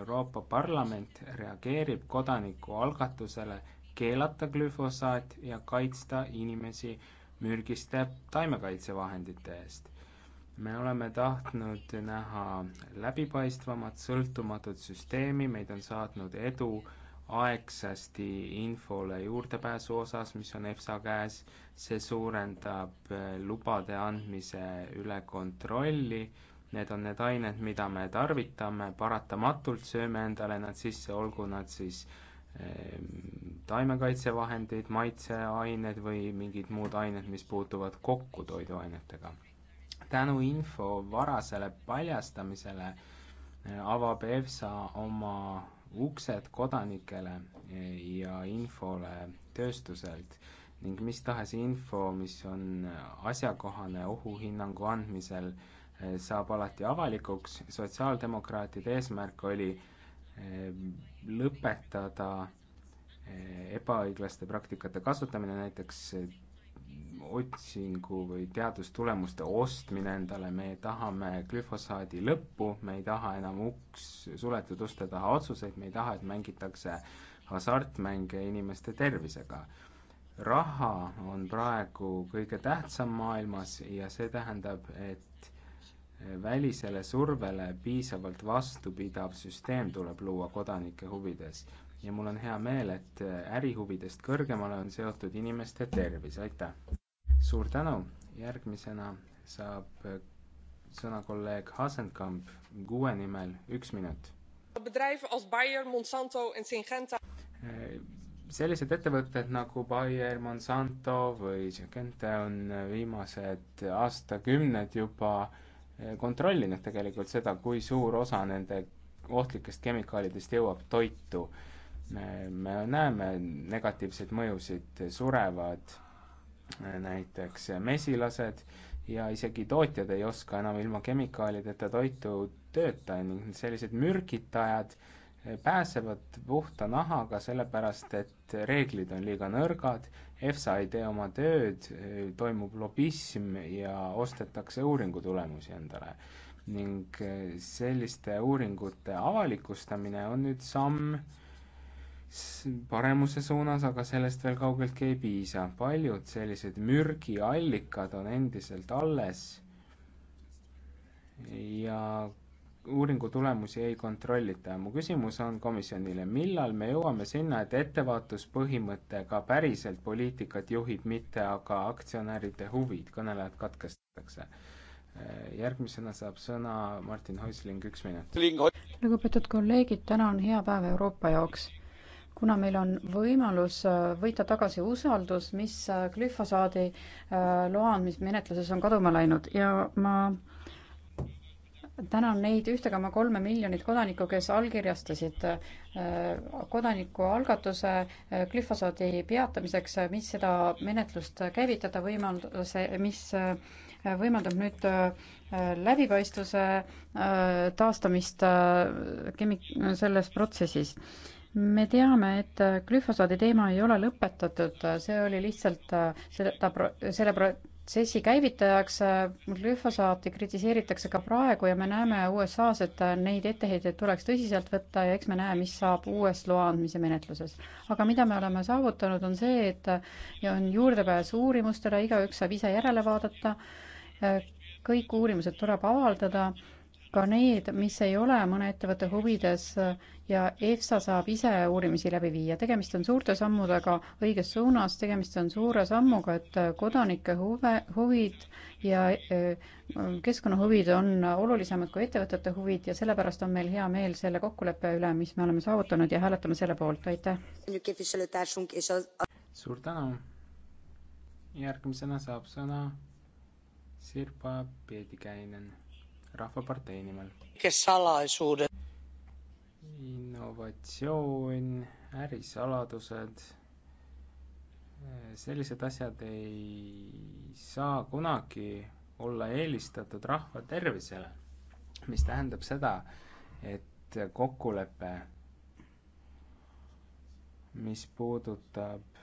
Euroopa Parlament reageerib kodanikualgatusele keelata glüfosaat ja kaitsta inimesi mürgiste taimekaitsevahendite eest. me oleme tahtnud näha läbipaistvamat, sõltumatut süsteemi, meid on saatnud edu aegsasti infole juurdepääsu osas, mis on EFSA käes, see suurendab lubade andmise üle kontrolli Need on need ained, mida me tarvitame, paratamatult sööme endale nad sisse, olgu nad siis eh, taimekaitsevahendid, maitseained või mingid muud ained, mis puutuvad kokku toiduainetega. tänu info varasele paljastamisele eh, avab EFSA oma uksed kodanikele eh, ja infole tööstuselt ning mis tahes info, mis on eh, asjakohane ohuhinnangu andmisel, saab alati avalikuks, sotsiaaldemokraatide eesmärk oli eh, lõpetada eh, ebaõiglaste praktikate kasutamine, näiteks eh, otsingu või teadustulemuste ostmine endale, me tahame glüfosaadi lõppu, me ei taha enam uks, suletud uste taha otsuseid, me ei taha, et mängitakse hasartmänge inimeste tervisega. raha on praegu kõige tähtsam maailmas ja see tähendab, et välisele survele piisavalt vastupidav süsteem tuleb luua kodanike huvides ja mul on hea meel, et ärihuvidest kõrgemale on seotud inimeste tervis, aitäh! suur tänu, järgmisena saab sõna kolleeg Hasenkamp GUE nimel, üks minut. Eh, sellised ettevõtted nagu Bayer, Monsanto või Syngenta on viimased aastakümned juba äh, Eh, kontrollinud tegelikult seda, kui suur osa nende ohtlikest kemikaalidest jõuab toitu. me näeme negatiivseid mõjusid, surevad eh, näiteks mesilased ja isegi tootjad ei oska enam ilma kemikaalideta toitu tööta ning sellised mürgitajad eh, pääsevad puhta nahaga, sellepärast et reeglid on liiga nõrgad EFSA ei tee oma tööd, toimub lobism ja ostetakse uuringutulemusi endale. ning eh, selliste uuringute avalikustamine on nüüd samm paremuse suunas, aga sellest veel kaugeltki ei piisa. paljud sellised mürgiallikad on endiselt alles ja uuringu tulemusi ei kontrollita. mu küsimus on komisjonile, millal me jõuame sinna, et ettevaatuspõhimõttega päriselt poliitikat juhib, mitte aga aktsionäride huvid, kõnelejad katkestatakse. Äh, järgmisena saab sõna Martin Häusling, üks minut. lugupeetud kolleegid, täna on hea päev Euroopa jaoks kuna meil on võimalus äh, võita tagasi usaldus, mis äh, glüfosaadi loa andmismenetluses on kaduma läinud ja ma tänan neid ühte koma kolme miljonit kodanikku, kes allkirjastasid äh, kodanikualgatuse äh, glüfosaadi peatamiseks, äh, mis seda menetlust käivitada võimaldas, mis võimaldab nüüd läbipaistvuse taastamist kemik-, selles protsessis me teame, et glüfosaadi teema ei ole lõpetatud, see oli lihtsalt seda, selle pro-, protsessi käivitajaks äh, glüfosaati kritiseeritakse ka praegu ja me näeme USA-s, et äh, neid etteheiteid tuleks tõsiselt võtta ja eks me näe, mis saab uues loa andmise menetluses. aga mida me oleme saavutanud, on see, et äh, on juurdepääs uurimustele, igaüks saab ise järele vaadata, kõik uurimused tuleb avaldada ka need, mis ei ole mõne ettevõtte huvides ja EFSA saab ise uurimisi läbi viia. tegemist on suurte sammudega õiges suunas, tegemist on suure sammuga, et kodanike huve, huvid ja äh, keskkonnahuvid on olulisemad kui ettevõtete huvid ja sellepärast on meil hea meel selle kokkuleppe üle, mis me oleme saavutanud ja hääletame selle poolt, aitäh! suur tänu! järgmisena saab sõna Sirpa Peedikäinen Rahvapartei nimel. innovatsioon, ärisaladused, sellised asjad ei saa kunagi olla eelistatud rahva tervisele, mis tähendab seda, et kokkulepe, mis puudutab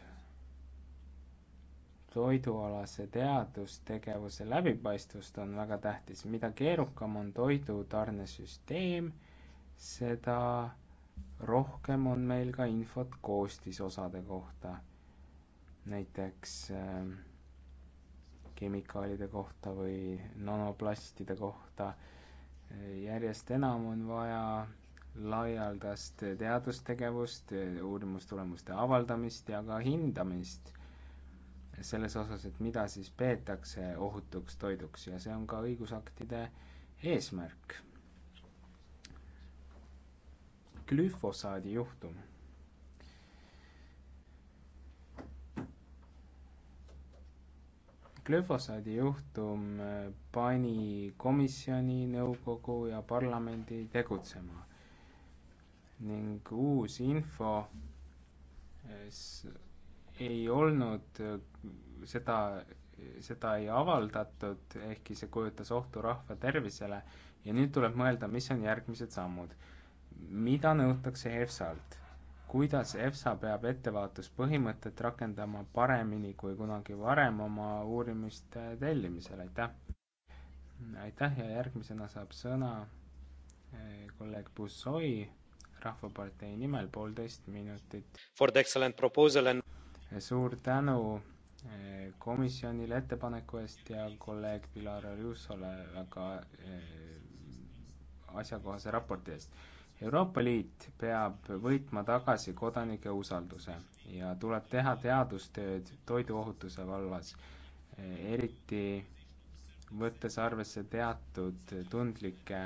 toidualase teadustegevuse läbipaistvust on väga tähtis mida keerukam on toidutarnesüsteem seda rohkem on meil ka infot koostisosade kohta näiteks äh, kemikaalide kohta või nanoplastide kohta järjest enam on vaja laialdast teadustegevust uurimustulemuste avaldamist ja ka hindamist selles osas, et mida siis peetakse ohutuks toiduks ja see on ka õigusaktide eesmärk. glüfosaadi juhtum. glüfosaadi juhtum äh, pani komisjoni, nõukogu ja parlamendi tegutsema ning uus info äh, ei olnud äh, seda, seda ei avaldatud, ehkki see kujutas ohtu rahva tervisele ja nüüd tuleb mõelda, mis on järgmised sammud. mida nõutakse EFSA-lt? kuidas EFSA peab ettevaatuspõhimõtet rakendama paremini kui kunagi varem oma uurimiste tellimisel, aitäh! aitäh ja järgmisena saab sõna äh, kolleeg Bussoi Rahvapartei nimel poolteist minutit. And suur tänu eh, komisjonile ettepaneku eest ja kolleeg Pilar Russole väga eh, asjakohase raporti eest. Euroopa Liit peab võitma tagasi kodanike usalduse ja tuleb teha teadustööd toiduohutuse vallas, eh, eriti võttes arvesse teatud tundlike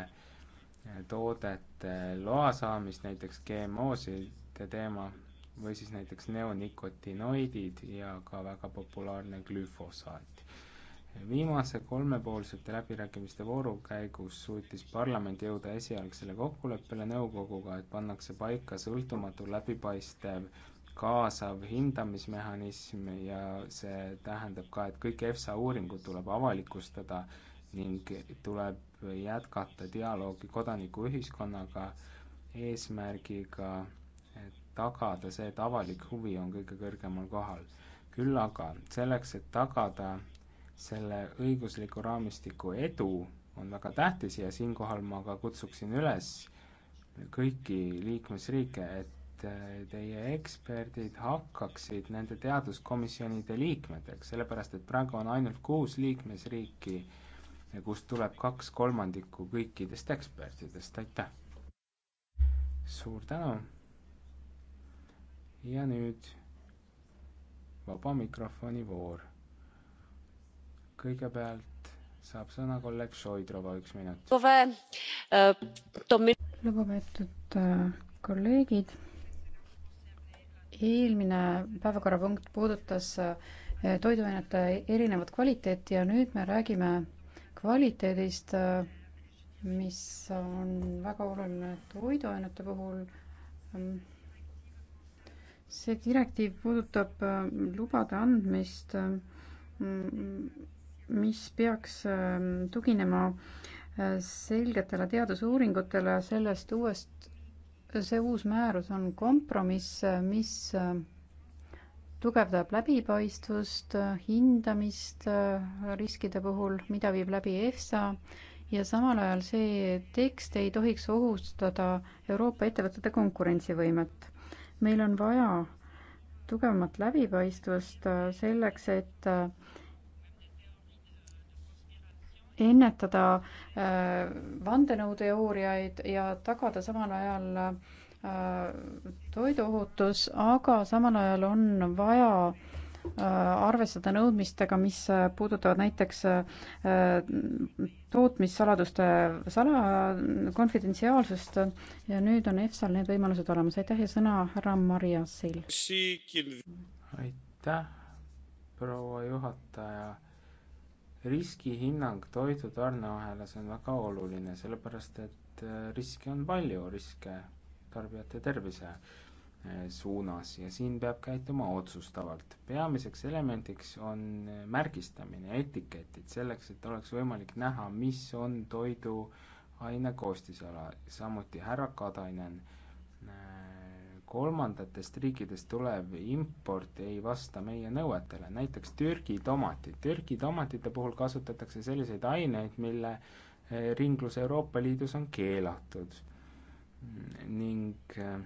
toodete loa saamist, näiteks GMO-side teema või siis näiteks neonikotinoidid ja ka väga populaarne glüfosaat. viimase kolmepoolsete läbirääkimiste vooru käigus suutis parlament jõuda esialgsele kokkuleppele nõukoguga, et pannakse paika sõltumatu läbipaistev kaasav hindamismehhanism ja see tähendab ka, et kõik EFSA uuringud tuleb avalikustada ning tuleb jätkata dialoogi kodanikuühiskonnaga eesmärgiga tagada see, et avalik huvi on kõige kõrgemal kohal. küll aga selleks, et tagada selle õigusliku raamistiku edu, on väga tähtis ja siinkohal ma ka kutsuksin üles kõiki liikmesriike, et äh, teie eksperdid hakkaksid nende teaduskomisjonide liikmeteks, sellepärast et praegu on ainult kuus liikmesriiki, kust tuleb kaks kolmandikku kõikidest ekspertidest, aitäh! suur tänu! ja nüüd vaba mikrofoni voor. kõigepealt saab sõna kolleeg Šoidrova, üks minut. Äh, lugupeetud äh, kolleegid, eelmine päevakorrapunkt puudutas äh, toiduainete erinevat kvaliteeti ja nüüd me räägime kvaliteedist, mis on väga oluline toiduainete puhul see direktiiv puudutab äh, lubade andmist, äh, mis peaks ähm, tuginema äh, selgetele teadusuuringutele, sellest uuest, see uus määrus on kompromiss, mis tugevdab läbipaistvust, hindamist riskide puhul, mida viib läbi EFSA ja samal ajal see tekst ei tohiks ohustada Euroopa ettevõtete konkurentsivõimet meil on vaja tugevamat läbipaistvust äh, selleks, et äh, ennetada äh, vandenõuteooriaid ja tagada samal ajal toiduohutus, aga samal ajal on vaja Äh, arvestada nõudmistega, mis äh, puudutavad näiteks äh, tootmissaladuste sala, konfidentsiaalsust ja nüüd on EFSA-l need võimalused olemas. aitäh ja sõna härra Mariasil. aitäh, proua juhataja. riskihinnang toidu tarneahelas on väga oluline, sellepärast et riske on palju, riske tarbijate tervise Äh, suunas ja siin peab käituma otsustavalt. peamiseks elemendiks on äh, märgistamine, etiketid, selleks et oleks võimalik näha, mis on toiduaine koostisala, samuti härra Katainen. Äh, kolmandatest riikidest tulev import ei vasta meie nõuetele, näiteks Türgi tomatid. Türgi tomatite puhul kasutatakse selliseid aineid, mille ringlus Euroopa Liidus on keelatud ning äh,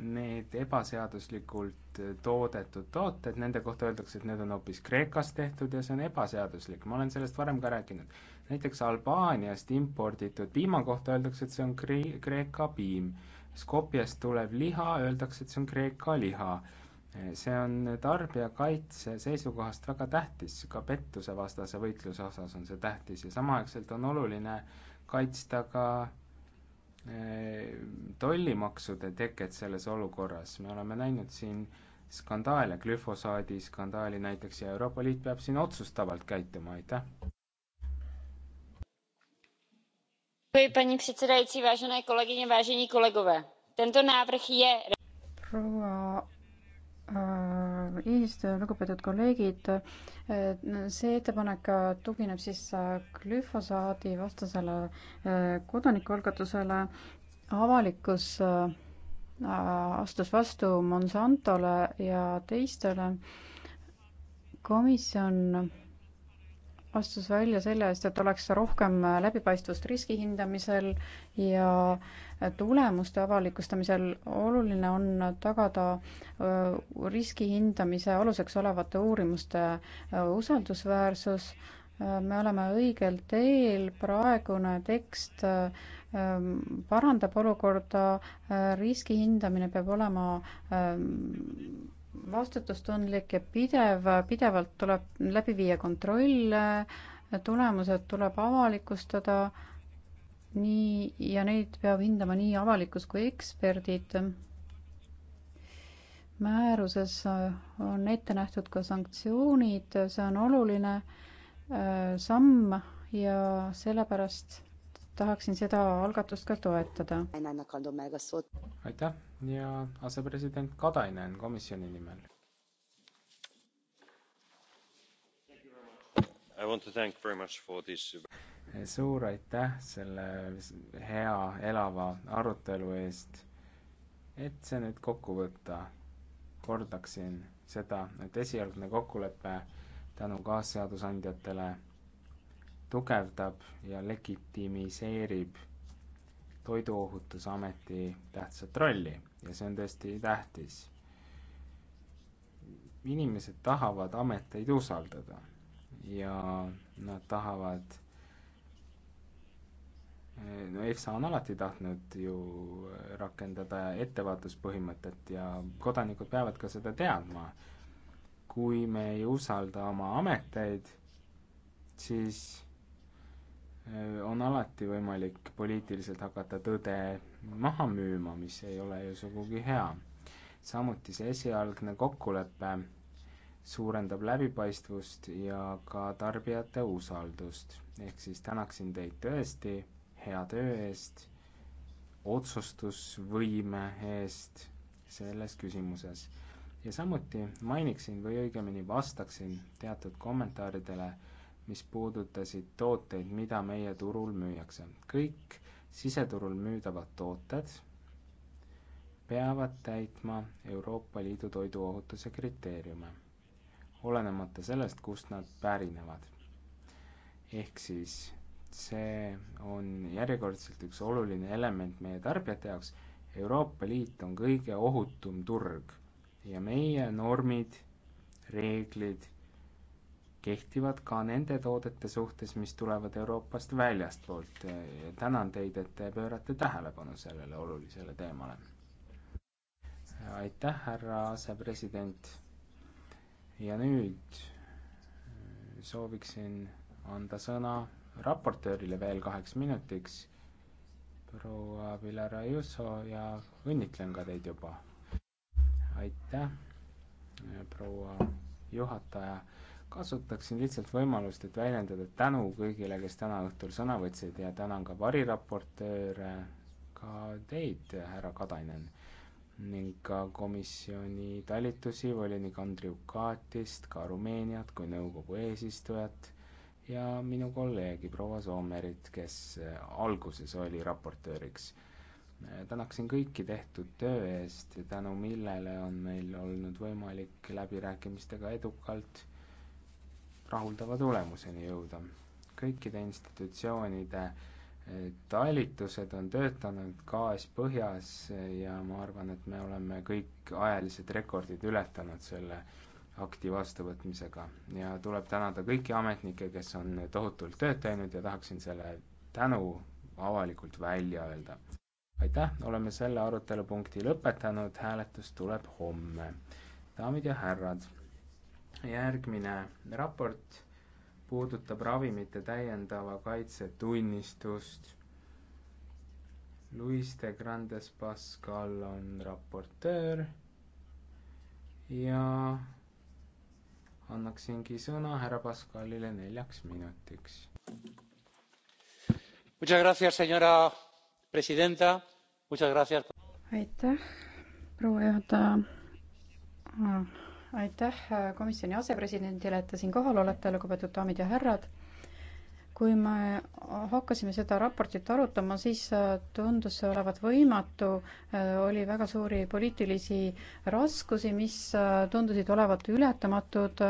need ebaseaduslikult eh, toodetud tooted, nende kohta öeldakse, et need on hoopis Kreekas tehtud ja see on ebaseaduslik, ma olen sellest varem ka rääkinud. näiteks Albaaniast imporditud piima kohta öeldakse, et see on kree-, Kreeka piim. Skopjast tulev liha, öeldakse, et see on Kreeka liha. Eh, see on tarbijakaitse seisukohast väga tähtis, ka pettusevastase võitluse osas on see tähtis ja samaaegselt on oluline kaitsta ka Äh, tollimaksude teket selles olukorras, me oleme näinud siin skandaale, glüfosaadi skandaali näiteks ja Euroopa Liit peab siin otsustavalt käituma, aitäh. paní předsedající, vážené kolegyně, vážení kolegové, tento návrh je. proua äh, eh, eesistuja, lugupeetud kolleegid. see ettepanek tugineb siis glüfosaadi vastasele äh, kodanikualgatusele. avalikkus äh, astus vastu Monsantole ja teistele. komisjon astus välja selle eest, et oleks rohkem läbipaistvust riski hindamisel ja tulemuste avalikustamisel. oluline on tagada äh, riski hindamise aluseks olevate uurimuste äh, usaldusväärsus. Äh, me oleme õigel teel, praegune tekst ähm, parandab olukorda, riski hindamine peab olema ähm, vastutustundlik ja pidev, pidevalt tuleb läbi viia kontrolle, tulemused tuleb avalikustada, nii, ja neid peab hindama nii avalikkus kui eksperdid. määruses on ette nähtud ka sanktsioonid, see on oluline eh, samm ja sellepärast tahaksin seda algatust ka toetada. aitäh ja asepresident Katainen komisjoni nimel. This... suur aitäh selle hea elava arutelu eest. et see nüüd kokku võtta, kordaksin seda, et esialgne kokkulepe tänu kaasseadusandjatele tugevdab ja legitimiseerib toiduohutusameti tähtsat rolli ja see on tõesti tähtis. inimesed tahavad ameteid usaldada ja nad tahavad no EFSA on alati tahtnud ju rakendada ettevaatuspõhimõtet ja kodanikud peavad ka seda teadma. kui me ei usalda oma ameteid, siis on alati võimalik poliitiliselt hakata tõde maha müüma, mis ei ole ju sugugi hea. samuti see esialgne kokkulepe suurendab läbipaistvust ja ka tarbijate usaldust. ehk siis tänaksin teid tõesti hea töö eest, otsustusvõime eest selles küsimuses. ja samuti mainiksin või õigemini vastaksin teatud kommentaaridele mis puudutasid tooteid, mida meie turul müüakse. kõik siseturul müüdavad tooted peavad täitma Euroopa Liidu toiduohutuse kriteeriume, olenemata sellest, kust nad pärinevad. ehk siis see on järjekordselt üks oluline element meie tarbijate jaoks, Euroopa Liit on kõige ohutum turg ja meie normid, reeglid kehtivad ka nende toodete suhtes, mis tulevad Euroopast väljastpoolt. tänan teid, et te pöörate tähelepanu sellele olulisele teemale. aitäh, härra asepresident. ja nüüd sooviksin anda sõna raportöörile veel kaheks minutiks, proua Pilar Ajuso ja õnnitlen ka teid juba. aitäh, proua juhataja kasutaksin lihtsalt võimalust et väljendada tänu kõigile kes täna õhtul sõna võtsid ja tänan ka variraportööre ka teid härra katainen ning ka komisjoni talitusi volinik andriukaitist ka rumeeniat kui nõukogu eesistujat ja minu kolleegi proua Soomerit, kes alguses oli raportööriks. tänaksin kõiki tehtud töö eest, tänu millele on meil olnud võimalik läbirääkimistega edukalt rahuldava tulemuseni jõuda. kõikide institutsioonide eh, talitused on töötanud gaas põhjas eh, ja ma arvan, et me oleme kõik ajalised rekordid ületanud selle akti vastuvõtmisega ja tuleb tänada kõiki ametnikke, kes on tohutult tööd teinud ja tahaksin selle tänu avalikult välja öelda. aitäh, oleme selle arutelupunkti lõpetanud, hääletus tuleb homme. daamid ja härrad järgmine raport puudutab ravimite täiendava kaitse tunnistust. Luis de Grandes Pascal on raportöör ja annaksingi sõna härra Pascalile neljaks minutiks. aitäh, proua juhataja aitäh äh, komisjoni asepresidendile, et te siin kohal olete, lugupeetud daamid ja härrad. kui me hakkasime seda raportit arutama, siis äh, tundus see olevat võimatu, äh, oli väga suuri poliitilisi raskusi, mis tundusid olevat ületamatud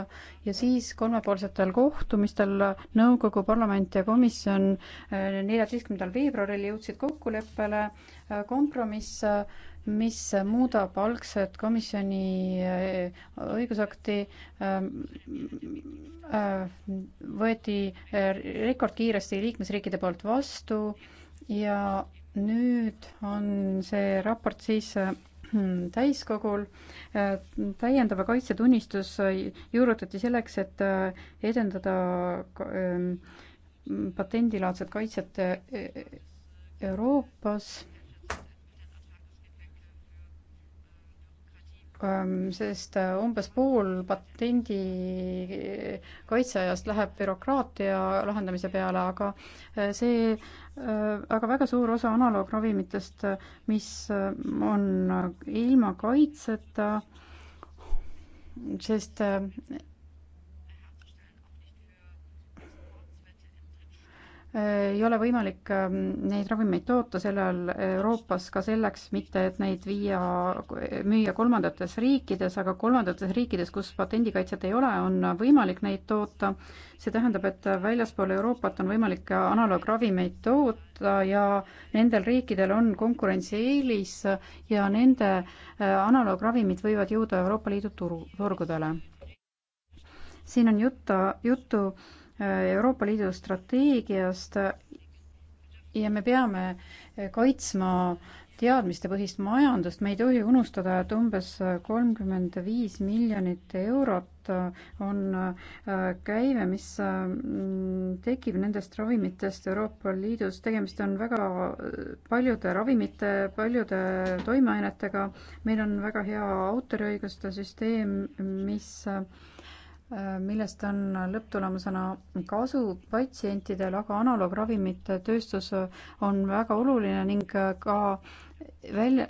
ja siis kolmepoolsetel kohtumistel nõukogu, parlament ja komisjon neljateistkümnendal veebruaril jõudsid kokkuleppele kompromiss mis muudab algset komisjoni äh, õigusakti, äh, äh, võeti rekordkiiresti liikmesriikide poolt vastu ja nüüd on see raport siis täiskogul täiendava kaitsetunnistus juurutati selleks, et edendada ähm, patendilaadset kaitset Euroopas sest äh, umbes pool patendi äh, kaitseajast läheb bürokraatia lahendamise peale, aga äh, see, aga väga suur osa analoogravamitest, mis on ilma kaitseta, sest ei ole võimalik ähm, neid ravimeid toota sellel Euroopas ka selleks, mitte et neid viia, müüa kolmandates riikides, aga kolmandates riikides, kus patendikaitset ei ole, on võimalik neid toota. see tähendab, et väljaspool Euroopat on võimalik analoogravimeid toota ja nendel riikidel on konkurentsieelis ja nende äh, analoogravimid võivad jõuda Euroopa Liidu turu, turgudele. siin on jutta, juttu, juttu Äh, Euroopa Liidu strateegiast ja me peame kaitsma teadmistepõhist majandust, me ei tohi unustada, et umbes kolmkümmend viis miljonit eurot on äh, käive, mis mm, tekib nendest ravimitest Euroopa Liidus, tegemist on väga äh, paljude ravimite, paljude toimeainetega, meil on väga hea autoriõiguste süsteem, mis Äh, millest on lõpptulemusena kasu patsientidel, aga analoogravimite tööstus on väga oluline ning äh, ka välja,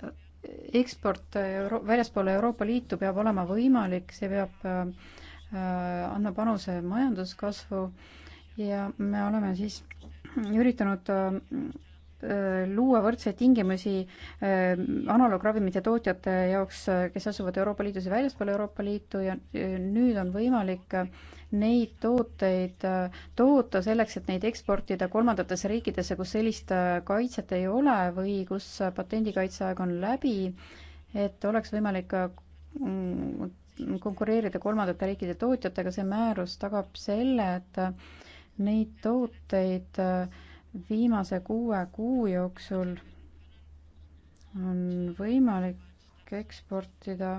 eksport euro-, väljaspoole Euroopa Liitu peab olema võimalik, see peab äh, äh,, andma panuse majanduskasvu ja me oleme siis üritanud äh, Äh, luua võrdseid tingimusi äh, analoogravimite tootjate jaoks, äh, kes asuvad Euroopa Liidus ja väljaspool Euroopa Liitu ja nüüd on võimalik neid tooteid toota selleks, et neid eksportida kolmandatesse riikidesse, kus sellist kaitset ei ole või kus patendikaitseaeg on läbi, et oleks võimalik mm, konkureerida kolmandate riikide tootjatega, see määrus tagab selle, et neid tooteid äh, viimase kuue kuu jooksul on võimalik eksportida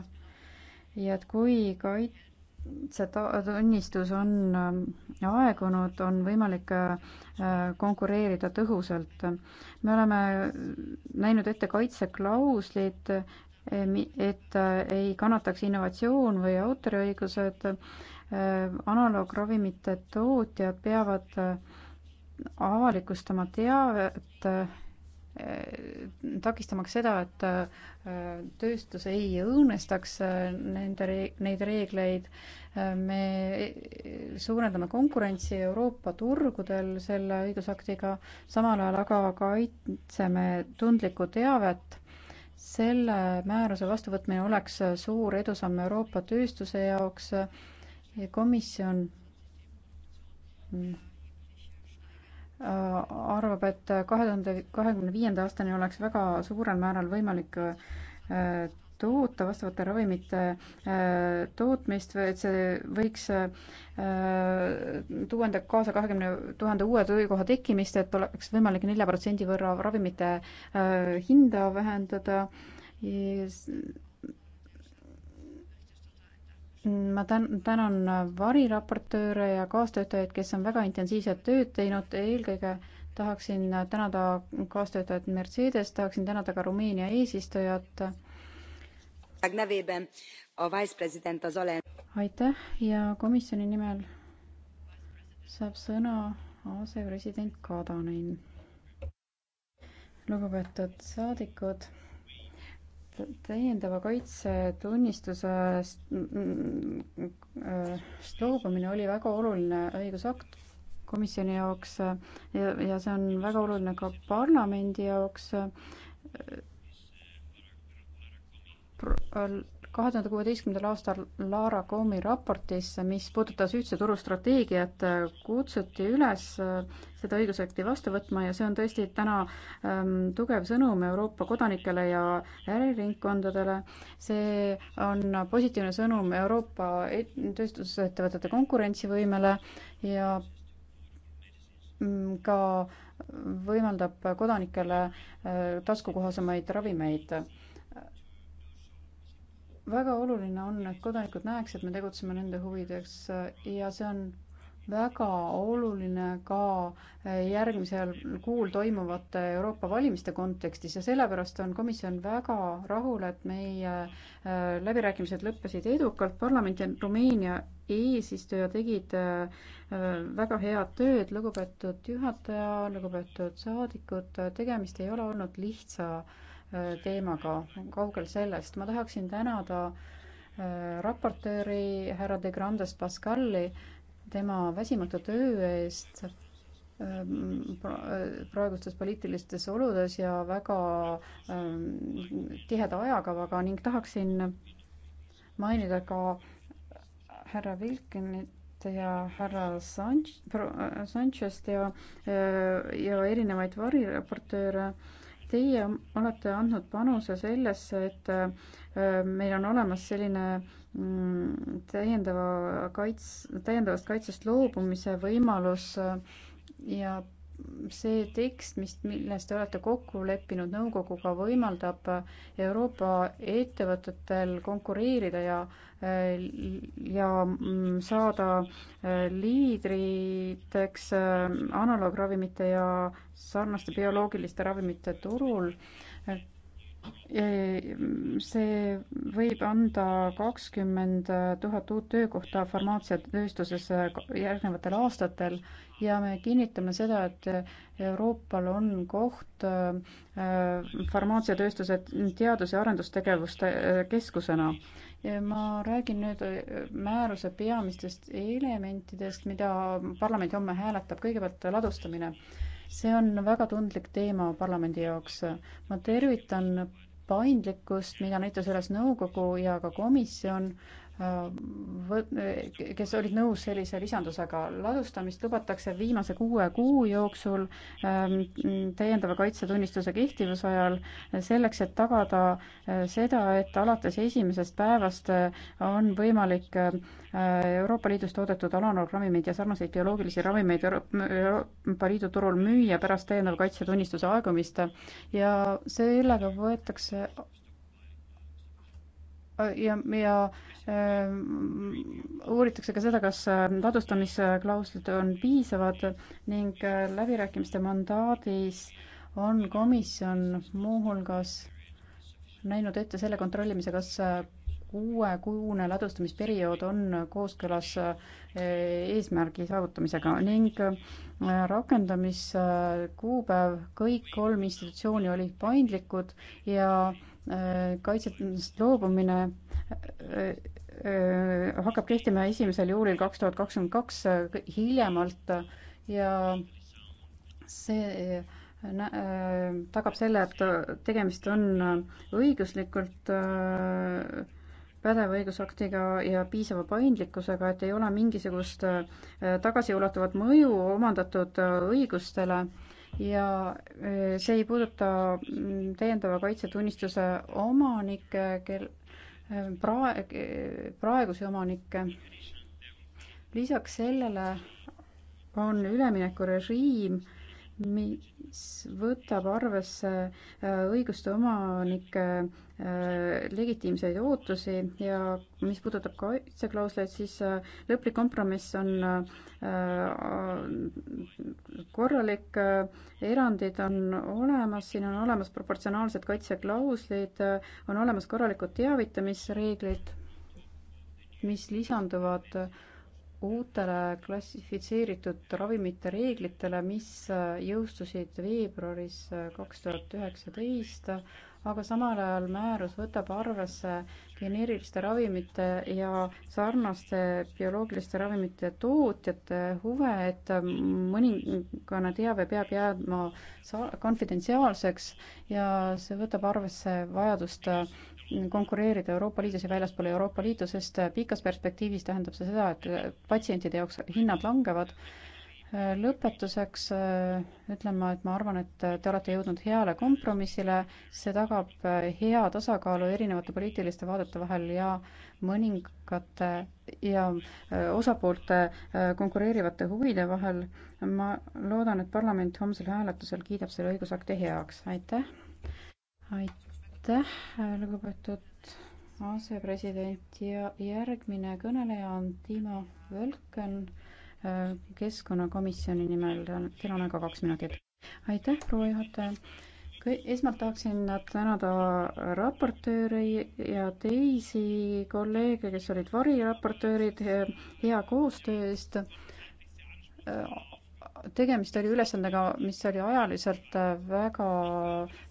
ja et kui kaitsetunnistus on ähm, aegunud, on võimalik äh, konkureerida tõhusalt. me oleme näinud ette kaitseklauslid, äh, et äh, ei kannataks innovatsioon või autoriõigused, analoogravimite tootjad peavad avalikustama teavet eh, takistamaks seda, et eh, tööstus ei õõnestaks eh, nende, neid reegleid. me suurendame konkurentsi Euroopa turgudel selle õigusaktiga, samal ajal aga kaitseme tundlikku teavet. selle määruse vastuvõtmine oleks suur edusamm Euroopa tööstuse jaoks ja komisjon mm, arvab, et kahe tuhande kahekümne viienda aastani oleks väga suurel määral võimalik äh, toota vastavate ravimite äh, tootmist või et see võiks äh, tuua enda kaasa kahekümne tuhande uue töökoha tekkimist, et oleks võimalik nelja protsendi võrra ravimite hinda vähendada ma tän-, tänan variraportööre ja kaastöötajaid, kes on väga intensiivset tööd teinud, eelkõige tahaksin tänada kaastöötajat Mercedes, tahaksin tänada ka Rumeenia eesistujat. aitäh ja komisjoni nimel saab sõna asepresident Kadanen. lugupeetud saadikud täiendava kaitsetunnistusest äh, loobumine oli väga oluline õigusakt komisjoni jaoks ja, ja see on väga oluline ka parlamendi jaoks Pro kahe tuhande kuueteistkümnendal aastal Lara Comi raportis, mis puudutas ühtse turu strateegiat, kutsuti üles äh, seda õigusakti vastu võtma ja see on tõesti täna ähm, tugev sõnum Euroopa kodanikele ja äriringkondadele. see on positiivne sõnum Euroopa tööstusettevõtete konkurentsivõimele ja mm, ka võimaldab kodanikele äh, taskukohasemaid ravimeid väga oluline on, et kodanikud näeks, et me tegutseme nende huvides äh, ja see on väga oluline ka äh, järgmisel kuul toimuvate Euroopa valimiste kontekstis ja sellepärast on komisjon väga rahul, et meie äh, läbirääkimised lõppesid edukalt, parlament ja Rumeenia eesistuja tegid väga head tööd, lugupeetud juhataja, lugupeetud saadikud, tegemist ei ole olnud lihtsa teemaga, kaugel sellest. ma tahaksin tänada äh, raportööri härra De Grandes Pascali tema väsimatu töö eest ähm, äh, praegustes poliitilistes oludes ja väga ähm, tiheda ajakavaga ning tahaksin mainida ka härra Vilkinit ja härra Sanch-, äh, Sanchest ja, ja erinevaid variraportööre Teie olete andnud panuse sellesse, et äh, meil on olemas selline mm, täiendava kaits-, täiendavast kaitsest loobumise võimalus äh, ja see tekst, mis, milles te olete kokku leppinud nõukoguga, võimaldab Euroopa ettevõtetel konkureerida ja, äh, ja mm, saada äh, liidriteks äh, analoogravimite ja sarnaste bioloogiliste ravimite turul see võib anda kakskümmend tuhat uut töökohta farmaatsiatööstuses järgnevatel aastatel ja me kinnitame seda, et Euroopal on koht äh, farmaatsiatööstuse teadus- ja arendustegevuste äh, keskusena. ma räägin nüüd äh, määruse peamistest elementidest, mida parlament homme hääletab, kõigepealt ladustamine see on väga tundlik teema parlamendi jaoks. ma tervitan paindlikkust, mida näitas üles nõukogu ja ka komisjon kes olid nõus sellise lisandusega. ladustamist lubatakse viimase kuue kuu jooksul ähm, täiendava kaitsetunnistuse kehtivuse ajal selleks, et tagada äh, seda, et alates esimesest päevast äh, on võimalik äh, Euroopa Liidus toodetud alanogrammimeid ja sarnaseid bioloogilisi ravimeid Euroopa Liidu turul müüa pärast täiendava kaitsetunnistuse aegumist ja sellega võetakse ja, ja äh, uuritakse ka seda, kas äh, ladustamisklauslid on piisavad ning äh, läbirääkimiste mandaadis on komisjon muuhulgas näinud ette selle kontrollimise, kas äh, kuuekuune ladustamisperiood on kooskõlas eesmärgi saavutamisega ning rakendamiskuupäev, kõik kolm institutsiooni olid paindlikud ja kaitsest loobumine hakkab kehtima esimesel juulil kaks tuhat kakskümmend kaks hiljemalt ja see tagab selle, et tegemist on õiguslikult pädeva õigusaktiga ja piisava paindlikkusega, et ei ole mingisugust tagasiulatuvat mõju omandatud õigustele ja e, see ei puuduta mm, täiendava kaitsetunnistuse omanikke, kel-, e, prae-, praegusi omanikke. lisaks sellele on üleminekurežiim, mis võtab arvesse e, õiguste omanike Äh, legitiimseid ootusi ja mis puudutab kaitseklausleid, siis äh, lõplik kompromiss on äh, korralik, erandid on olemas, siin on olemas proportsionaalsed kaitseklauslid, on olemas korralikud teavitamisreeglid, mis lisanduvad uutele klassifitseeritud ravimite reeglitele, mis jõustusid veebruaris kaks tuhat üheksateist, aga samal ajal määrus võtab arvesse geneeriliste ravimite ja sarnaste bioloogiliste ravimite tootjate huve, et mõningane teave peab jääma konfidentsiaalseks ja see võtab arvesse vajadust konkureerida Euroopa Liidus ja väljaspool Euroopa Liitu, sest pikas perspektiivis tähendab see seda, et patsientide jaoks hinnad langevad lõpetuseks äh, ütlen ma, et ma arvan, et te olete jõudnud heale kompromissile, see tagab äh, hea tasakaalu erinevate poliitiliste vaadete vahel ja mõningate ja äh, osapoolte konkureerivate huvide vahel. ma loodan, et parlament homsel hääletusel kiidab selle õigusakti heaks, aitäh. aitäh, lugupeetud asepresident ja järgmine kõneleja on Timo Völken keskkonnakomisjoni nimel, teil on aega kaks minutit. aitäh, proua juhataja. esmalt tahaksin tänada raportööri ja teisi kolleege, kes olid variraportöörid, hea koostöö eest tegemist oli ülesandega, mis oli ajaliselt väga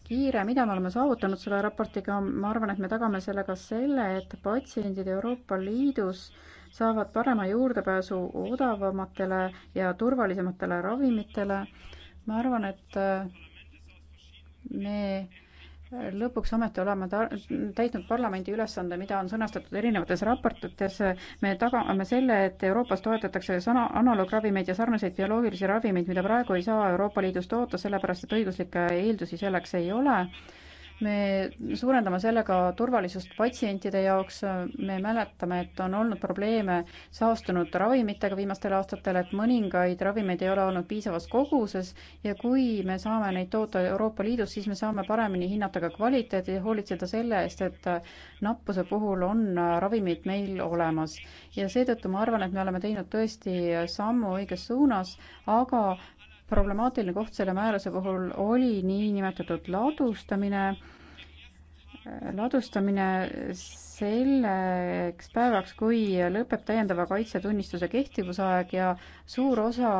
kiire, mida me oleme saavutanud selle raportiga, ma arvan, et me tagame sellega selle, et patsiendid Euroopa Liidus äh, saavad parema juurdepääsu odavamatele ja turvalisematele ravimitele. ma arvan, et äh, me lõpuks ometi oleme ta-, täitnud parlamendi ülesande, mida on sõnastatud erinevates raportites, me tagame selle, et Euroopas toetatakse sana-, analoogravimeid ja sarnaseid bioloogilisi ravimeid, mida praegu ei saa Euroopa Liidus toota, sellepärast et õiguslikke eeldusi selleks ei ole me suurendame sellega turvalisust patsientide jaoks, me mäletame, et on olnud probleeme saastunud ravimitega viimastel aastatel, et mõningaid ravimeid ei ole olnud piisavas koguses ja kui me saame neid toota Euroopa Liidus, siis me saame paremini hinnata ka kvaliteedi ja hoolitseda selle eest, et nappuse puhul on ravimid meil olemas. ja seetõttu ma arvan, et me oleme teinud tõesti sammu õiges suunas, aga problemaatiline koht selle määruse puhul oli niinimetatud ladustamine, ladustamine selleks päevaks, kui lõpeb täiendava kaitsetunnistuse kehtivusaeg ja suur osa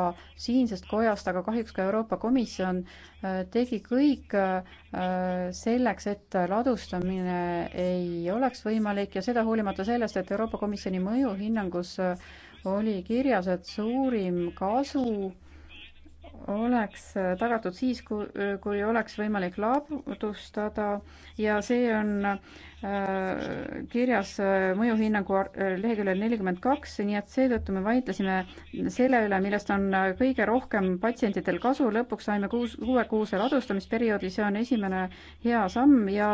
siinsest kojast, aga kahjuks ka Euroopa Komisjon tegi kõik äh, selleks, et ladustamine ei oleks võimalik ja seda hoolimata sellest, et Euroopa Komisjoni mõjuhinnangus oli kirjas, et suurim kasu oleks tagatud siis, kui oleks võimalik ladustada ja see on Äh, kirjas äh, mõjuhinnangu äh, leheküljel nelikümmend kaks, nii et seetõttu me vaidlesime selle üle, millest on kõige rohkem patsientidel kasu, lõpuks saime kuus, kuuekuuse ladustamisperioodi, see on esimene hea samm ja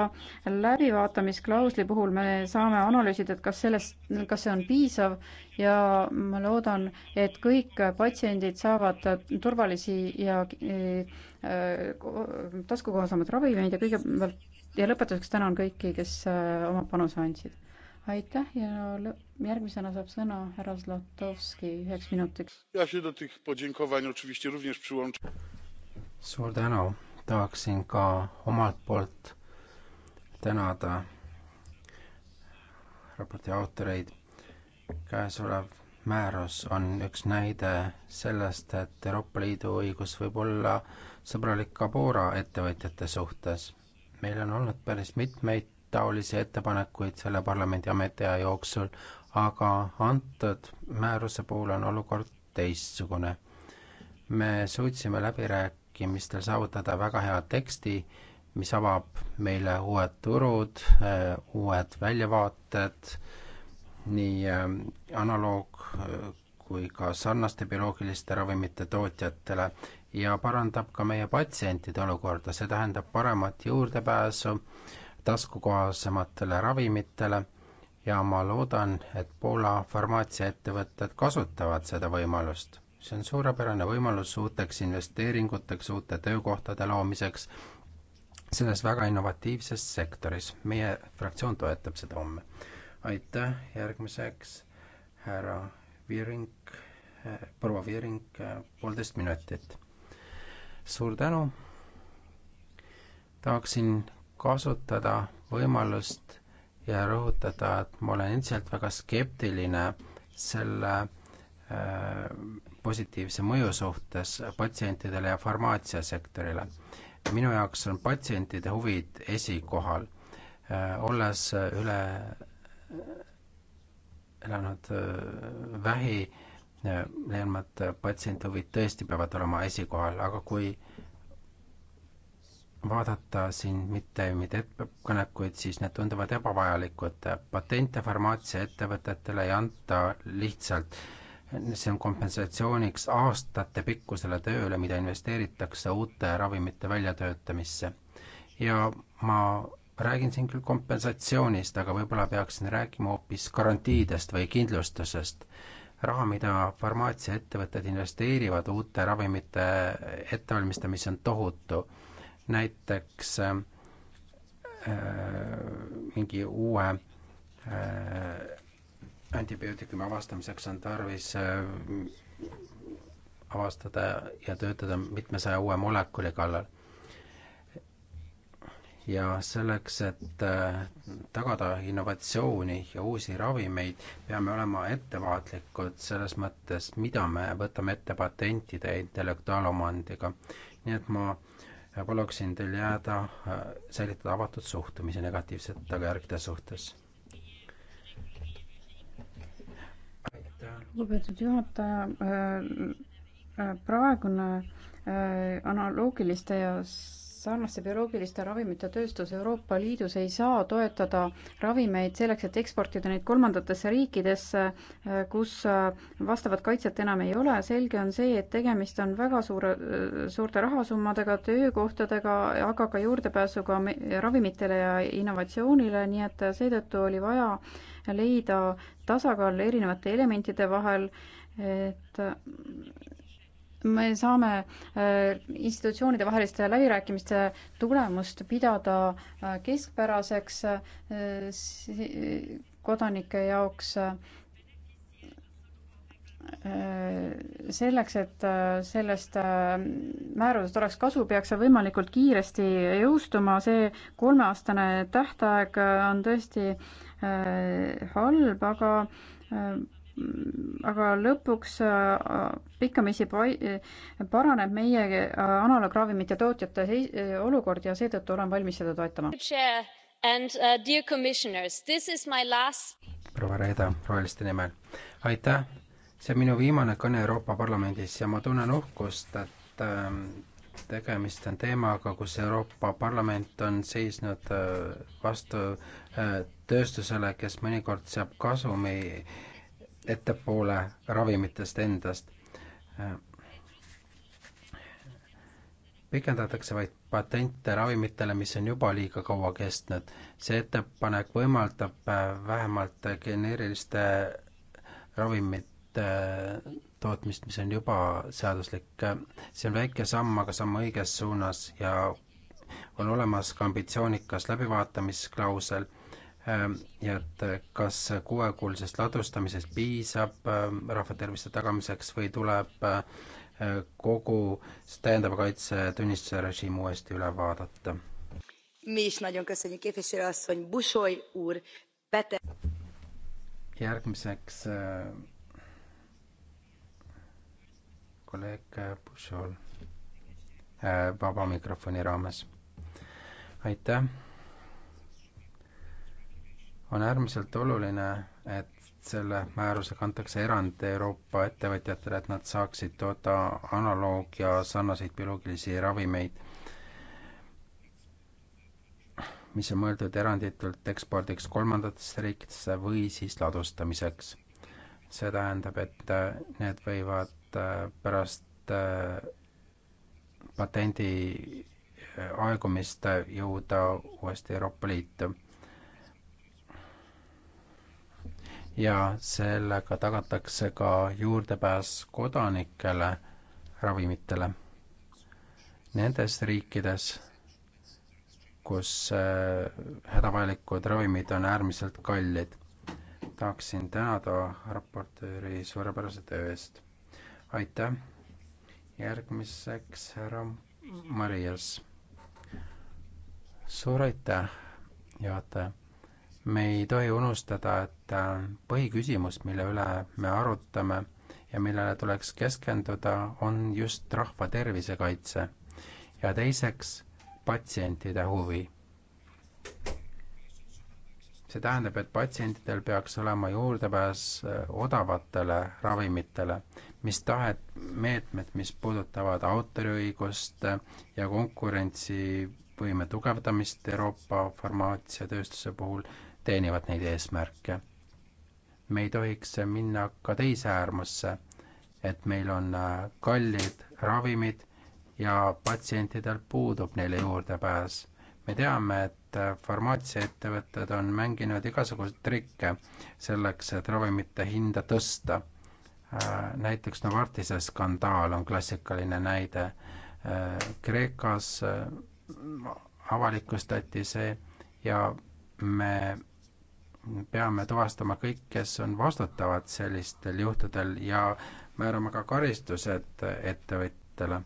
läbivaatamisklausli puhul me saame analüüsida, et kas sellest, kas see on piisav ja ma loodan, et kõik patsiendid saavad turvalisi ja taskukohasemat ravimeid ja kõigepealt ja lõpetuseks tänan kõiki, kes äh, oma panuse andsid. aitäh ja järgmisena saab sõna härra Zlatovski üheks minutiks. suur tänu, tahaksin ka omalt poolt tänada raporti autoreid. käesolev määrus on üks näide sellest, et Euroopa Liidu õigus võib olla sõbralik ka Poola ettevõtjate suhtes meil on olnud päris mitmeid taolisi ettepanekuid selle parlamendi ametiaja jooksul, aga antud määruse puhul on olukord teistsugune. me suutsime läbirääkimistel saavutada väga hea teksti, mis avab meile uued turud, eh, uued väljavaated, nii eh, analoog- eh, kui ka sarnaste bioloogiliste ravimite tootjatele ja parandab ka meie patsientide olukorda, see tähendab paremat juurdepääsu taskukohasematele ravimitele ja ma loodan, et Poola farmaatsiaettevõtted kasutavad seda võimalust. see on suurepärane võimalus uuteks investeeringuteks, uute töökohtade loomiseks selles väga innovatiivses sektoris. meie fraktsioon toetab seda homme. aitäh, järgmiseks härra Viring, proua Viring, poolteist minutit suur tänu. tahaksin kasutada võimalust ja rõhutada, et ma olen endiselt väga skeptiline selle äh, positiivse mõju suhtes patsientidele ja farmaatsiasektorile. minu jaoks on patsientide huvid esikohal äh,. olles äh, üle äh, elanud äh, vähi äh, leebemad patsiendihuvid tõesti peavad olema esikohal, aga kui vaadata siin mitte mingeid ettepanekuid, siis need tunduvad ebavajalikud. patente farmaatsiaettevõtetele ei anta lihtsalt, see on kompensatsiooniks aastatepikkusele tööle, mida investeeritakse uute ravimite väljatöötamisse. ja ma räägin siin küll kompensatsioonist, aga võib-olla peaksin rääkima hoopis garantiidest või kindlustusest raha, mida farmaatsiaettevõtted investeerivad uute ravimite ettevalmistamisse, on tohutu. näiteks äh, mingi uue äh, antibiootikumi avastamiseks on tarvis äh, avastada ja töötada mitmesaja uue molekuli kallal ja selleks, et äh, tagada innovatsiooni ja uusi ravimeid, peame olema ettevaatlikud selles mõttes, mida me võtame ette patentide ja intellektuaalomandiga. nii et ma paluksin teil jääda, äh, säilitada avatud suhtumise negatiivsete tagajärgede suhtes. lugupeetud juhataja, äh, praegune analoogiliste ja sarnaste bioloogiliste ravimite tööstus Euroopa Liidus ei saa toetada ravimeid selleks, et eksportida neid kolmandatesse riikidesse, äh, kus äh, vastavat kaitset enam ei ole. selge on see, et tegemist on väga suure, äh, suurte rahasummadega, töökohtadega, aga ka juurdepääsuga ravimitele ja innovatsioonile, nii et seetõttu oli vaja leida tasakaal erinevate elementide vahel, et me saame äh, institutsioonide vaheliste läbirääkimiste tulemust pidada äh, keskpäraseks äh, kodanike jaoks selleks, et sellest määrusest oleks kasu, peaks see võimalikult kiiresti jõustuma, see kolmeaastane tähtaeg on tõesti halb, aga Mm, aga lõpuks äh, pikkamisi äh, paraneb meie äh, analoograavimite tootjate olukord ja seetõttu olen valmis seda toetama. Uh, proua Reeda Roheliste nimel, aitäh! see on minu viimane kõne Euroopa Parlamendis ja ma tunnen uhkust, et ähm, tegemist on teemaga, kus Euroopa Parlament on seisnud vastu tööstusele, kes mõnikord seab kasumi ettepoole ravimitest endast. pikendatakse vaid patente ravimitele, mis on juba liiga kaua kestnud. see ettepanek võimaldab äh, vähemalt geneeriliste ravimite äh, tootmist, mis on juba seaduslik. see on väike samm, aga samm õiges suunas ja on olemas ka ambitsioonikas läbivaatamisklausel ja ähm, et äh, kas kuuekuulisest ladustamisest piisab ähm, rahvatervise tagamiseks või tuleb äh, äh, kogu see täiendava kaitse tunnistuse režiim uuesti üle vaadata? järgmiseks kolleeg Bushol vaba mikrofoni raames. aitäh on äärmiselt oluline, et selle määrusega antakse erand Euroopa ettevõtjatele, et nad saaksid toota analoog- ja sarnaseid bioloogilisi ravimeid, mis on mõeldud eranditult ekspordiks kolmandatesse riikidesse või siis ladustamiseks. see tähendab, et äh, need võivad äh, pärast äh, patendi aegumist jõuda uuesti Euroopa Liitu ja sellega tagatakse ka juurdepääs kodanikele ravimitele nendes riikides, kus äh, hädavajalikud ravimid on äärmiselt kallid. tahaksin tänada raportööri suurepärase töö eest. aitäh. järgmiseks härra Marias. suur aitäh, juhataja me ei tohi unustada, et äh, põhiküsimus, mille üle me arutame ja millele tuleks keskenduda, on just rahva tervise kaitse ja teiseks patsientide huvi. see tähendab, et patsientidel peaks olema juurdepääs äh, odavatele ravimitele, mis tahet meetmed, mis puudutavad autoriõigust äh, ja konkurentsivõime tugevdamist Euroopa farmaatsiatööstuse puhul teenivad neid eesmärke. me ei tohiks minna ka teise äärmusse, et meil on äh, kallid ravimid ja patsientidel puudub neile juurdepääs. me teame, et äh, farmaatsiaettevõtted on mänginud igasuguseid trikke selleks, et ravimite hinda tõsta. Äh, näiteks Novartise skandaal on klassikaline näide. Kreekas avalikustati see ja me peame tuvastama kõik, kes on vastutavad sellistel juhtudel ja määrama ka karistused ettevõtjatele.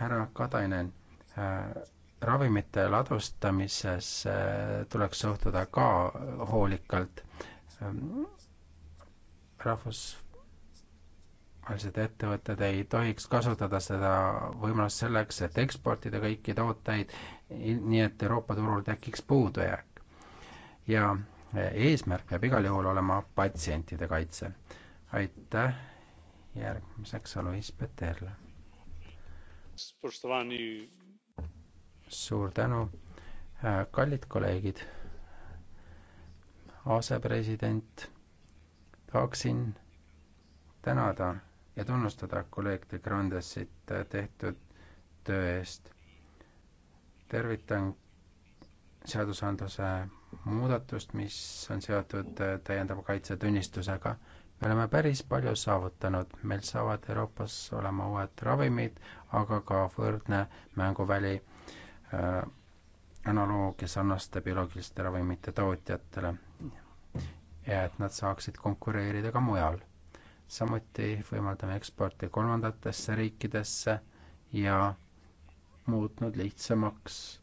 härra Katainen äh,, ravimite ladustamises äh, tuleks suhtuda ka hoolikalt ähm,. rahvusvahelised ettevõtted ei tohiks kasutada seda võimalust selleks, et eksportida kõiki tooteid, nii et Euroopa turul tekiks puudujääk ja äh, eesmärk peab igal juhul olema patsientide kaitse. aitäh, järgmiseks Alois Peterle. suur tänu, kallid kolleegid, asepresident, tahaksin tänada ja tunnustada kolleeg De Grandesit tehtud töö eest. tervitan seadusandluse muudatust, mis on seotud äh, täiendava kaitsetunnistusega. me oleme päris palju saavutanud, meil saavad Euroopas olema uued ravimid, aga ka võrdne mänguväli äh, analoog ja sarnaste bioloogiliste ravimite tootjatele. ja et nad saaksid konkureerida ka mujal. samuti võimaldame eksporti kolmandatesse riikidesse ja muutnud lihtsamaks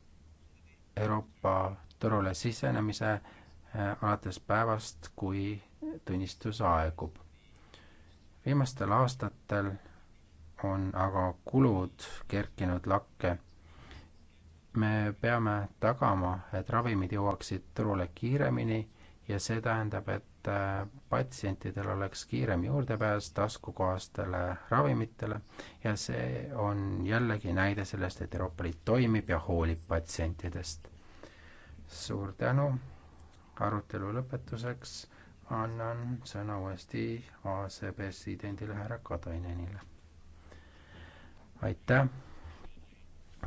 Euroopa turule sisenemise äh, alates päevast, kui tunnistus aegub. viimastel aastatel on aga kulud kerkinud lakke. me peame tagama, et ravimid jõuaksid turule kiiremini ja see tähendab, et äh, patsientidel oleks kiirem juurdepääs taskukohastele ravimitele ja see on jällegi näide sellest, et Euroopa Liit toimib ja hoolib patsientidest suur tänu. arutelu lõpetuseks annan sõna uuesti asepresidendile härra Katainenile. aitäh.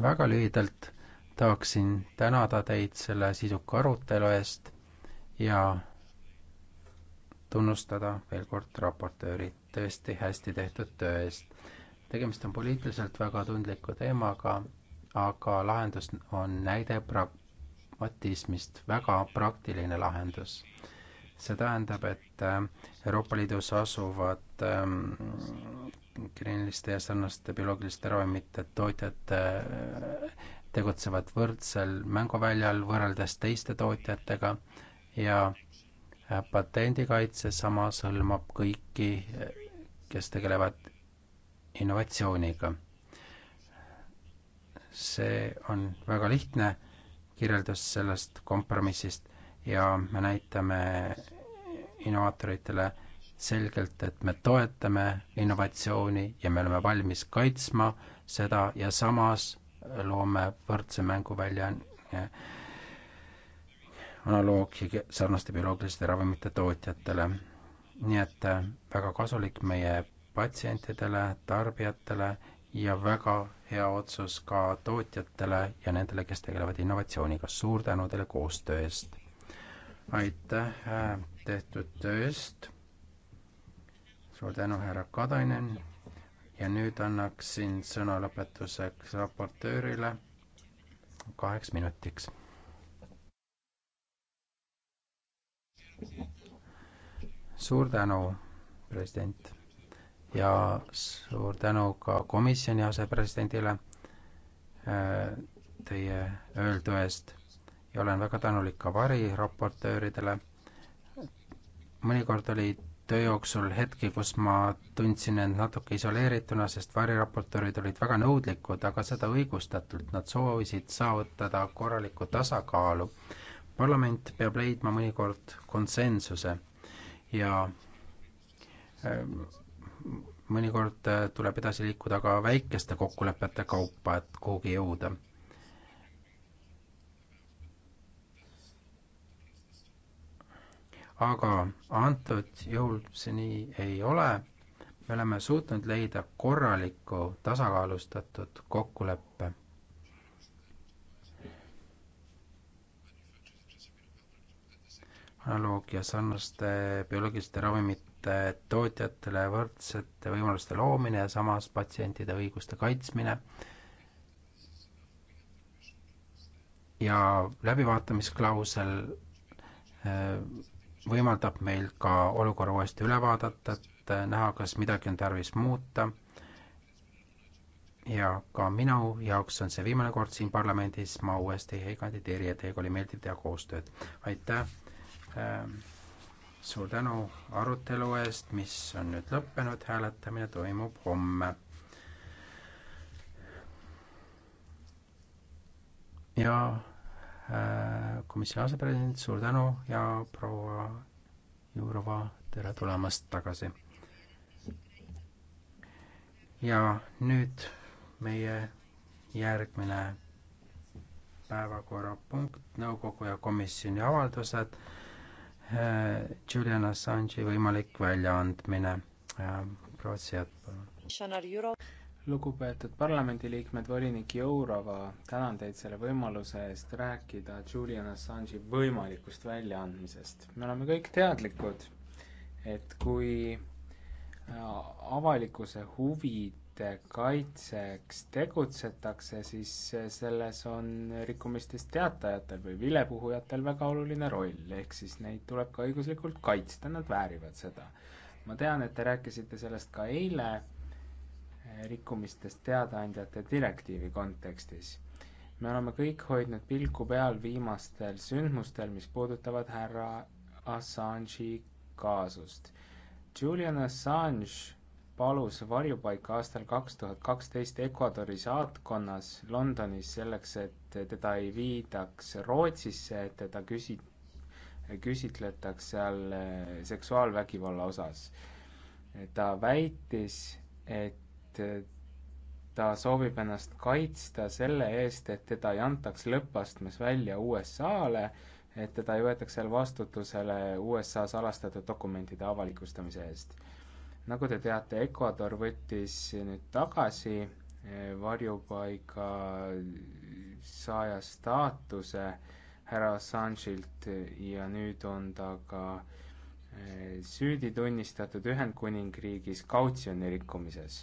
väga lühidalt tahaksin tänada teid selle sisuka arutelu eest ja tunnustada veel kord raportööri tõesti hästi tehtud töö eest. tegemist on poliitiliselt väga tundliku teemaga, aga lahendus on näide pra-, autismist, väga praktiline lahendus. see tähendab, et äh, Euroopa Liidus asuvad ähm, kliiniliste ja sarnaste bioloogiliste ravimite tootjad äh, tegutsevad võrdsel mänguväljal võrreldes teiste tootjatega ja äh, patendikaitse samas hõlmab kõiki, kes tegelevad innovatsiooniga. see on väga lihtne kirjeldus sellest kompromissist ja me näitame innovaatoritele selgelt, et me toetame innovatsiooni ja me oleme valmis kaitsma seda ja samas loome võrdse mänguvälja eh, analoogi sarnaste bioloogiliste ravimite tootjatele. nii et eh, väga kasulik meie patsientidele, tarbijatele ja väga hea otsus ka tootjatele ja nendele, kes tegelevad innovatsiooniga. suur tänu teile koostöö eest. aitäh äh, tehtud töö eest. suur tänu, härra Kadanen. ja nüüd annaksin sõna lõpetuseks raportöörile kaheks minutiks. suur tänu, president ja suur tänu ka komisjoni asepresidendile äh, teie öeldu eest ja olen väga tänulik ka variraportööridele. mõnikord oli töö jooksul hetki, kus ma tundsin end natuke isoleerituna, sest variraportöörid olid väga nõudlikud, aga seda õigustatult, nad soovisid saavutada korralikku tasakaalu. parlament peab leidma mõnikord konsensuse ja äh, mõnikord äh, tuleb edasi liikuda ka väikeste kokkulepete kaupa, et kuhugi jõuda. aga antud juhul see nii ei ole. me oleme suutnud leida korraliku tasakaalustatud kokkuleppe analoogia sarnaste bioloogiliste ravimite tootjatele võrdsete võimaluste loomine ja samas patsientide õiguste kaitsmine ja läbivaatamisklausel eh, võimaldab meil ka olukorra uuesti üle vaadata, et eh, näha, kas midagi on tarvis muuta. ja ka minu jaoks on see viimane kord siin parlamendis, ma uuesti ei kandideeri ja teiega oli meeldiv teha koostööd. aitäh Ähm, suur tänu arutelu eest, mis on nüüd lõppenud, hääletamine toimub homme. ja äh, komisjoni asepresident, suur tänu ja proua Jurova, tere tulemast tagasi. ja nüüd meie järgmine päevakorrapunkt, nõukogu ja komisjoni avaldused Äh, Julian Assange'i võimalik väljaandmine. Äh, proua Siet, palun. lugupeetud parlamendiliikmed, volinik Jourova, tänan teid selle võimaluse eest rääkida Julian Assange'i võimalikust väljaandmisest. me oleme kõik teadlikud, et kui äh, avalikkuse huvid huvide kaitseks tegutsetakse, siis selles on rikkumistest teatajatel või vilepuhujatel väga oluline roll, ehk siis neid tuleb ka õiguslikult kaitsta, nad väärivad seda. ma tean, et te rääkisite sellest ka eile eh, rikkumistest teadaandjate direktiivi kontekstis. me oleme kõik hoidnud pilku peal viimastel sündmustel, mis puudutavad härra Assange'i kaasust. Julian Assange palus varjupaika aastal 2012 Ecuadori saatkonnas Londonis selleks, et teda ei viidaks Rootsisse, et teda küsi-, küsitletaks seal eh, seksuaalvägivalla osas. ta väitis, et ta soovib ennast kaitsta selle eest, et teda ei antaks lõppastmes välja USA-le, et teda ei võetaks seal vastutusele USA salastatud dokumentide avalikustamise eest nagu te teate, Ecuador võttis nüüd tagasi eh, varjupaiga saaja staatuse härra Assange'ilt ja nüüd on ta ka eh, süüdi tunnistatud Ühendkuningriigis kautsjoni rikkumises.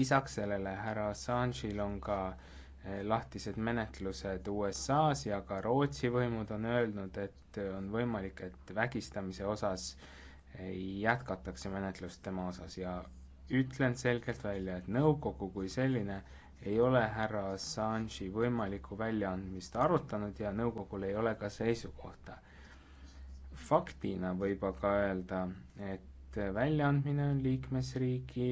lisaks sellele härra Assange'il on ka eh, lahtised menetlused USA-s ja ka Rootsi võimud on öelnud, et on võimalik, et vägistamise osas äh, jätkatakse menetlust tema osas ja ütlen selgelt välja, et nõukogu kui selline ei ole härra Assange'i võimalikku väljaandmist arutanud ja nõukogul ei ole ka seisukohta. faktina võib aga öelda, et väljaandmine on liikmesriigi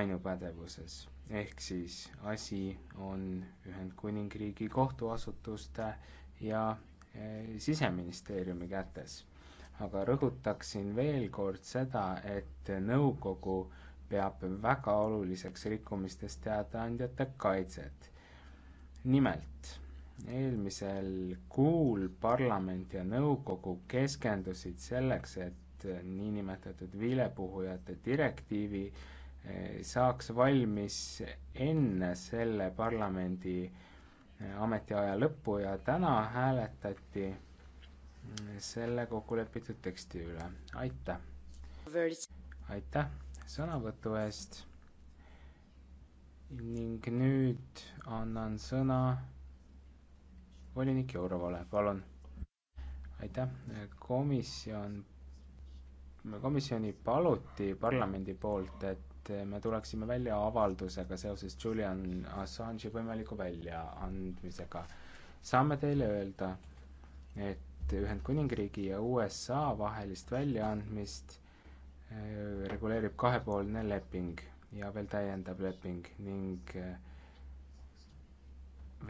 ainupädevuses, ehk siis asi on Ühendkuningriigi kohtuasutuste ja eh, siseministeeriumi kätes aga rõhutaksin veel kord seda, et nõukogu peab väga oluliseks rikkumistest teadaandjate kaitset. nimelt, eelmisel kuul parlament ja nõukogu keskendusid selleks, et niinimetatud vilepuhujate direktiivi eh, saaks valmis enne selle parlamendi eh, ametiaja lõppu ja täna hääletati selle kokkulepitud teksti üle, aitäh! aitäh sõnavõtu eest ning nüüd annan sõna volinik Jourovale, palun. aitäh, komisjon, komisjoni paluti parlamendi poolt, et me tuleksime välja avaldusega seoses Julian Assange'i võimaliku väljaandmisega. saame teile öelda, et et Ühendkuningriigi ja USA vahelist väljaandmist äh, reguleerib kahepoolne leping ja veel täiendav leping ning äh,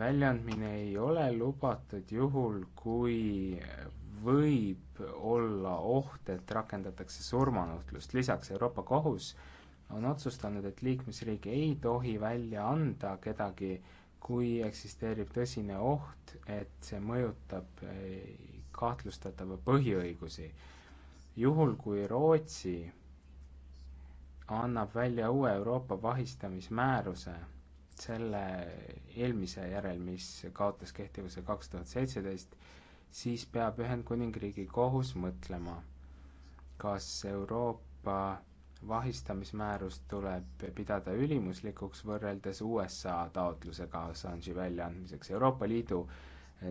väljaandmine ei ole lubatud juhul, kui äh, võib olla oht, et rakendatakse surmanuhtlust. lisaks Euroopa Kohus on otsustanud, et liikmesriik ei tohi välja anda kedagi, kui eksisteerib tõsine oht, et see mõjutab kahtlustatava põhiõigusi. juhul, kui Rootsi annab välja uue Euroopa vahistamismääruse, selle eelmise järel, mis kaotas kehtivuse kaks tuhat seitseteist, siis peab Ühendkuningriigi kohus mõtlema, kas Euroopa vahistamismäärust tuleb pidada ülimuslikuks võrreldes USA taotlusega Assange'i väljaandmiseks. Euroopa Liidu äh,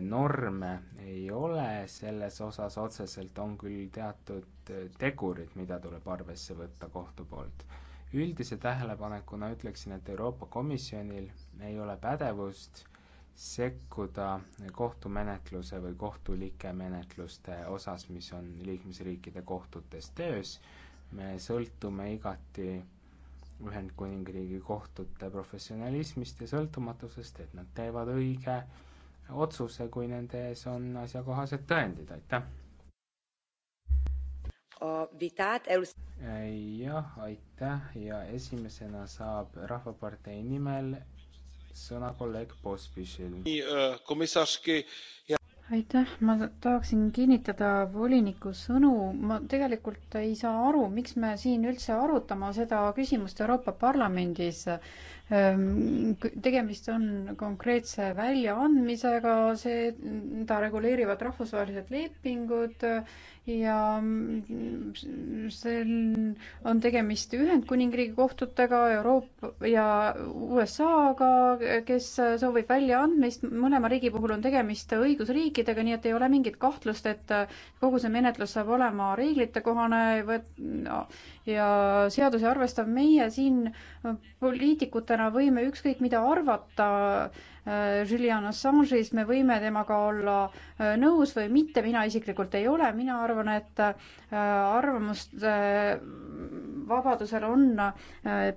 norme ei ole selles osas otseselt, on küll teatud eh, tegurid, mida tuleb arvesse võtta kohtu poolt. üldise tähelepanekuna ütleksin, et Euroopa Komisjonil ei ole pädevust sekkuda kohtumenetluse või kohtulike menetluste osas, mis on liikmesriikide kohtutes töös, me sõltume igati Ühendkuningriigi kohtute professionalismist ja sõltumatusest, et nad teevad õige otsuse, kui nende ees on asjakohased tõendid, aitäh. jah, aitäh ja esimesena saab Rahvapartei nimel sõna kolleeg Pospišil. aitäh, ma tahaksin kinnitada voliniku sõnu, ma tegelikult ei saa aru, miks me siin üldse arutama seda küsimust Euroopa Parlamendis Ehm, tegemist on konkreetse väljaandmisega, seda reguleerivad rahvusvahelised lepingud ja mm, see on tegemist Ühendkuningriigi kohtutega, Euroopa ja USA-ga, kes soovib väljaandmist. mõlema riigi puhul on tegemist õigusriikidega, nii et ei ole mingit kahtlust, et kogu see menetlus saab olema reeglitekohane ja seadusi arvestav. meie siin poliitikutena võime ükskõik mida arvata äh, Julian Assange'ist, me võime temaga olla äh, nõus või mitte, mina isiklikult ei ole, mina arvan, et äh, arvamuste vabadusel on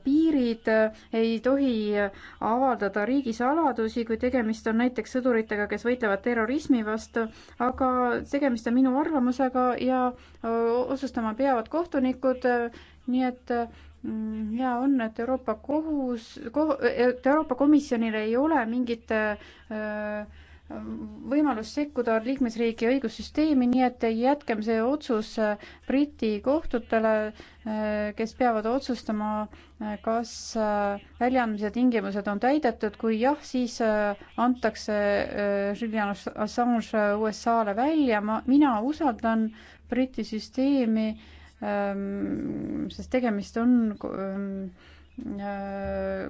piirid, ei tohi avaldada riigisaladusi, kui tegemist on näiteks sõduritega, kes võitlevad terrorismi vastu, aga tegemist on minu arvamusega ja otsustama peavad kohtunikud, nii et Mm, hea on, et Euroopa Kohus, et Euroopa Komisjonil ei ole mingit äh, võimalust sekkuda liikmesriigi õigussüsteemi, nii et jätkem see otsus äh, Briti kohtutele, äh, kes peavad otsustama, kas väljaandmise tingimused on täidetud, kui jah, siis antakse Julian Assange USA-le välja, ma, mina usaldan Briti süsteemi äh, Ehm, sest tegemist on ehm, äh,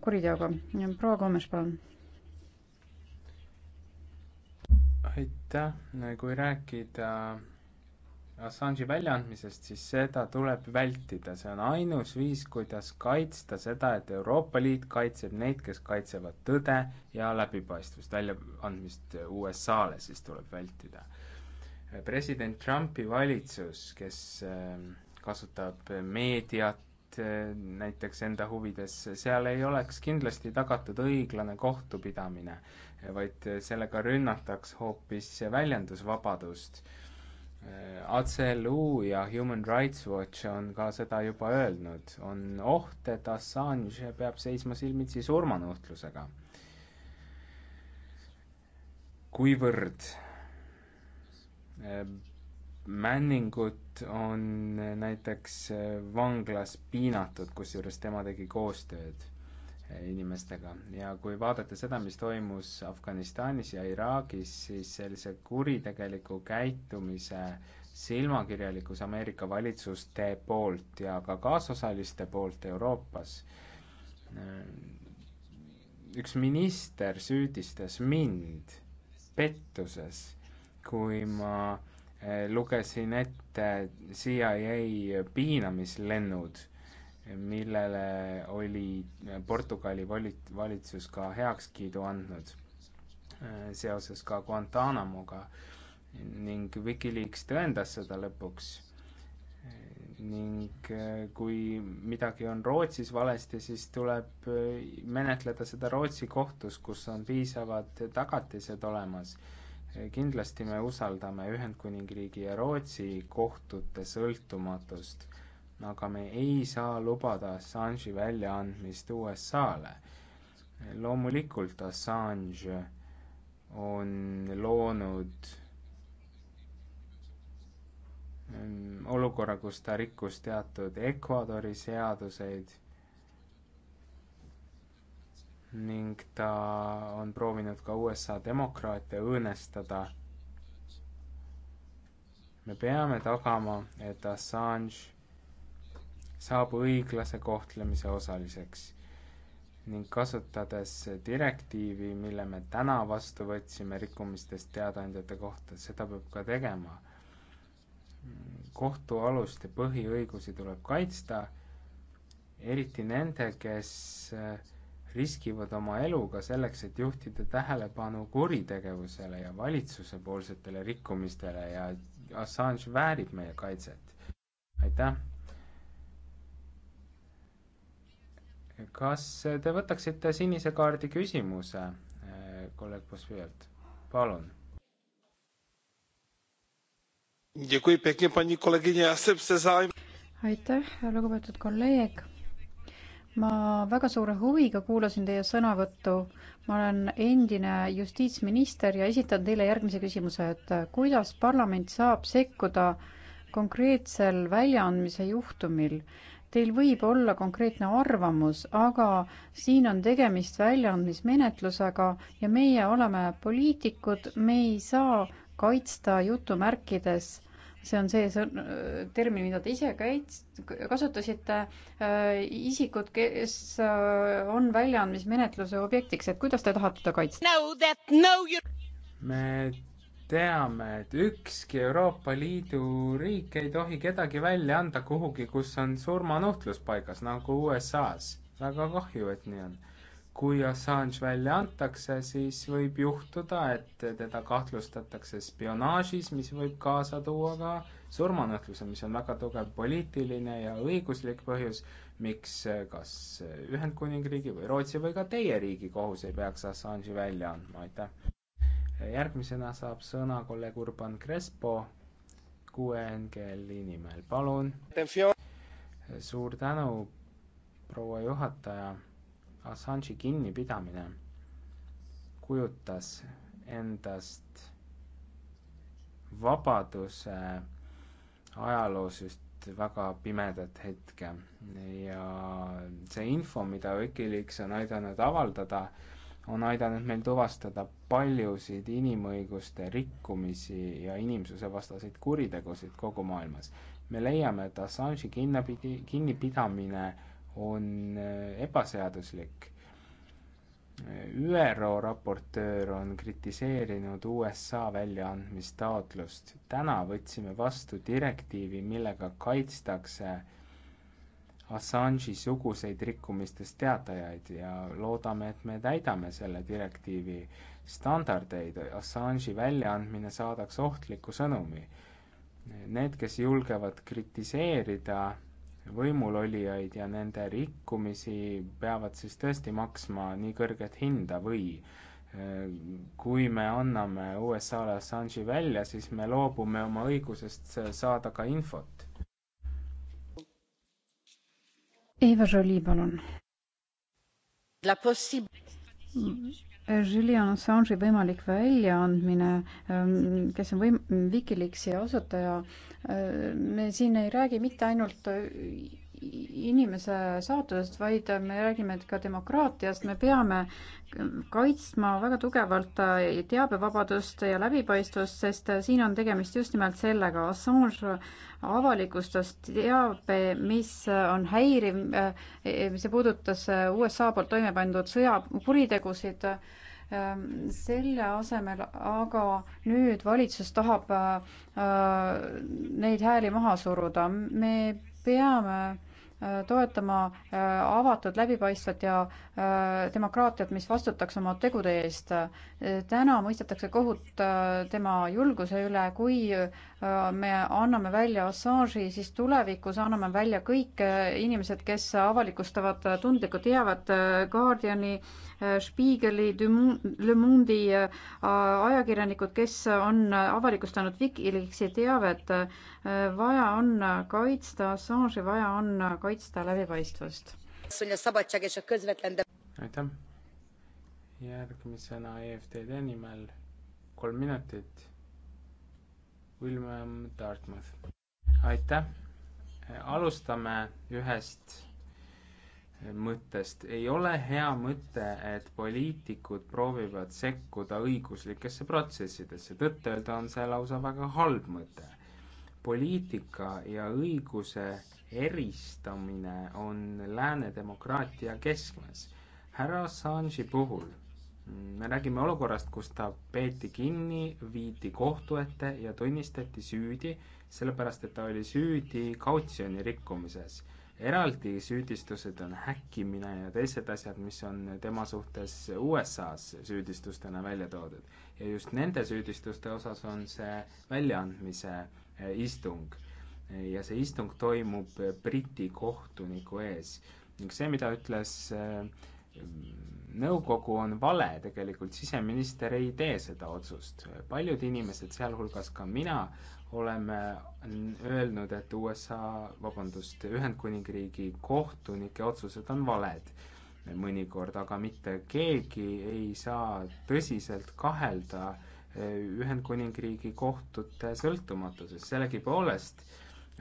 kuriteoga. proua Koomes, palun. aitäh, kui rääkida Assange'i väljaandmisest, siis seda tuleb vältida, see on ainus viis, kuidas kaitsta seda, et Euroopa Liit kaitseb neid, kes kaitsevad tõde ja läbipaistvust, väljaandmist USA-le siis tuleb vältida president Trumpi valitsus, kes ähm, kasutab meediat äh, näiteks enda huvides, seal ei oleks kindlasti tagatud õiglane kohtupidamine, vaid sellega rünnataks hoopis väljendusvabadust. Äh, ACLU ja Human Rights Watch on ka seda juba öelnud, on oht, et Assange peab seisma silmitsi surmanuhtlusega. kuivõrd Ehm, männingut on eh, näiteks eh, vanglas piinatud, kusjuures tema tegi koostööd eh, inimestega ja kui vaadata seda, mis toimus Afganistanis ja Iraagis, siis sellise kuritegeliku käitumise silmakirjalikkus Ameerika valitsuste poolt ja ka kaasosaliste poolt Euroopas. üks minister süüdistas mind pettuses kui ma eh, lugesin ette CIA piinamislennud, millele oli eh, Portugali valit-, valitsus ka heakskiidu andnud eh, seoses ka Guantanamoga ning Wikileaks tõendas seda lõpuks ning kui midagi on Rootsis valesti, siis tuleb menetleda seda Rootsi kohtus, kus on piisavad tagatised olemas kindlasti me usaldame Ühendkuningriigi ja Rootsi kohtute sõltumatust, aga me ei saa lubada Assange'i väljaandmist USA-le. loomulikult Assange on loonud mm, olukorra, kus ta rikkus teatud Ecuadori seaduseid ning ta on proovinud ka USA demokraate õõnestada. me peame tagama, et Assange saab õiglase kohtlemise osaliseks ning kasutades direktiivi, mille me täna vastu võtsime rikkumistest teadaandjate kohta, seda peab ka tegema. kohtualuste põhiõigusi tuleb kaitsta, eriti nende, kes äh, riskivad oma eluga selleks et juhtida tähelepanu kuritegevusele ja valitsusepoolsetele rikkumistele ja assange väärib meie kaitset aitäh kas te võtaksite sinise kaardi küsimuse eh, kolleeg Boswellt? palun. aitäh, lugupeetud kolleeg ma väga suure huviga kuulasin teie sõnavõttu. ma olen endine justiitsminister ja esitan teile järgmise küsimuse, et kuidas parlament saab sekkuda konkreetsel väljaandmise juhtumil? Teil võib olla konkreetne arvamus, aga siin on tegemist väljaandmismenetlusega ja meie oleme poliitikud, me ei saa kaitsta jutumärkides äh, see on see sõrm, äh, termin, mida te ise käits-, kasutasite, äh, isikud, kes äh, on väljaandmismenetluse objektiks, et kuidas te tahate teda kaitsta no,? No, you... me teame, et ükski Euroopa Liidu riik ei tohi kedagi välja anda kuhugi, kus on surmanuhtlus paigas, nagu USA-s. väga kahju, et nii on kui Assange välja antakse, siis võib juhtuda, et teda kahtlustatakse spionaažis, mis võib kaasa tuua ka surmanõhtluse, mis on väga tugev poliitiline ja õiguslik põhjus, miks kas Ühendkuningriigi või Rootsi või ka teie riigi kohus ei peaks Assange'i välja andma, aitäh. järgmisena saab sõna kolleeg Urban Crespo QNGL-i nimel, palun. suur tänu, proua juhataja Assange'i kinnipidamine kujutas endast vabaduse ajaloos just väga pimedat hetke ja see info, mida Wikileaks on aidanud avaldada, on aidanud meil tuvastada paljusid inimõiguste rikkumisi ja inimsusevastaseid kuritegusid kogu maailmas. me leiame, et Assange'i kinnipidi, kinnipidamine on äh, ebaseaduslik. ÜRO raportöör on kritiseerinud USA väljaandmistaotlust. täna võtsime vastu direktiivi, millega kaitstakse Assange'i suguseid rikkumistest teatajaid ja loodame, et me täidame selle direktiivi standardeid. Assange'i väljaandmine saadaks ohtliku sõnumi. Need, kes julgevad kritiseerida võimulolijaid ja nende rikkumisi peavad siis tõesti maksma nii kõrget hinda või eh, kui me anname USAle Assange'i välja, siis me loobume oma õigusest saada ka infot. Eva Jolie, palun Julian Assange'i võimalik väljaandmine, ähm, kes on võim-, Wikileaksi asutaja, äh, me siin ei räägi mitte ainult inimese saatusest, vaid me räägime ka demokraatiast, me peame kaitsma väga tugevalt teabevabadust ja läbipaistvust, sest siin on tegemist just nimelt sellega. Assange avalikustas teabe, mis on häiriv, see puudutas USA poolt toime pandud sõjakuritegusid selle asemel aga nüüd valitsus tahab äh, neid hääli maha suruda. me peame äh, toetama äh, avatud, läbipaistvat ja äh, demokraatiat, mis vastutaks oma tegude eest. täna mõistetakse kohut tema julguse üle, kui me anname välja Assange'i, siis tulevikus anname välja kõik inimesed, kes avalikustavad tundlikku teavet Guardiani Äh, Spiegeli, Le Monde'i äh, ajakirjanikud, kes on avalikustanud Wikileaksi teavet. Äh, vaja on kaitsta Assange'i, vaja on kaitsta läbipaistvust. aitäh. järgmisena EFTD nimel kolm minutit. William Dartmouth. aitäh. alustame ühest mõttest. ei ole hea mõte, et poliitikud proovivad sekkuda õiguslikesse protsessidesse, tõtt-öelda on see lausa väga halb mõte. poliitika ja õiguse eristamine on lääne demokraatia keskmes. härra Assange'i puhul me räägime olukorrast, kus ta peeti kinni, viidi kohtu ette ja tunnistati süüdi, sellepärast et ta oli süüdi kautsjoni rikkumises eraldi süüdistused on häkkimine ja teised asjad, mis on tema suhtes USA-s süüdistustena välja toodud. ja just nende süüdistuste osas on see väljaandmise eh, istung. ja see istung toimub eh, Briti kohtuniku ees ning see, mida ütles eh, nõukogu, on vale, tegelikult siseminister ei tee seda otsust. paljud inimesed, sealhulgas ka mina, oleme öelnud, et USA, vabandust, Ühendkuningriigi kohtunike otsused on valed mõnikord, aga mitte keegi ei saa tõsiselt kahelda eh, Ühendkuningriigi kohtute sõltumatuses, sellegipoolest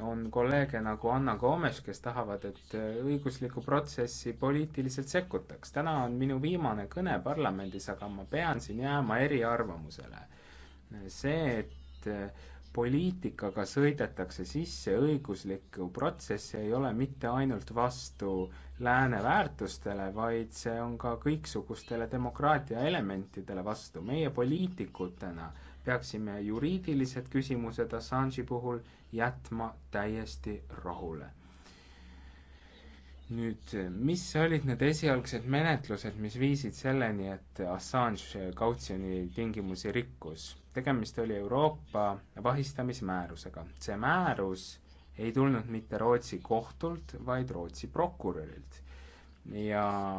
on kolleege nagu Anna Gomes, kes tahavad, et eh, õiguslikku protsessi poliitiliselt sekkutaks. täna on minu viimane kõne parlamendis, aga ma pean siin jääma eriarvamusele. see, et eh, poliitikaga sõidetakse sisse õiguslikku protsessi ei ole mitte ainult vastu lääne väärtustele vaid see on ka kõiksugustele demokraatia elementidele vastu meie poliitikutena peaksime juriidilised küsimused assange'i puhul jätma täiesti rahule nüüd, mis olid need esialgsed menetlused, mis viisid selleni, et Assange kautsjoni tingimusi rikkus? tegemist oli Euroopa vahistamismäärusega. see määrus ei tulnud mitte Rootsi kohtult, vaid Rootsi prokurörilt. ja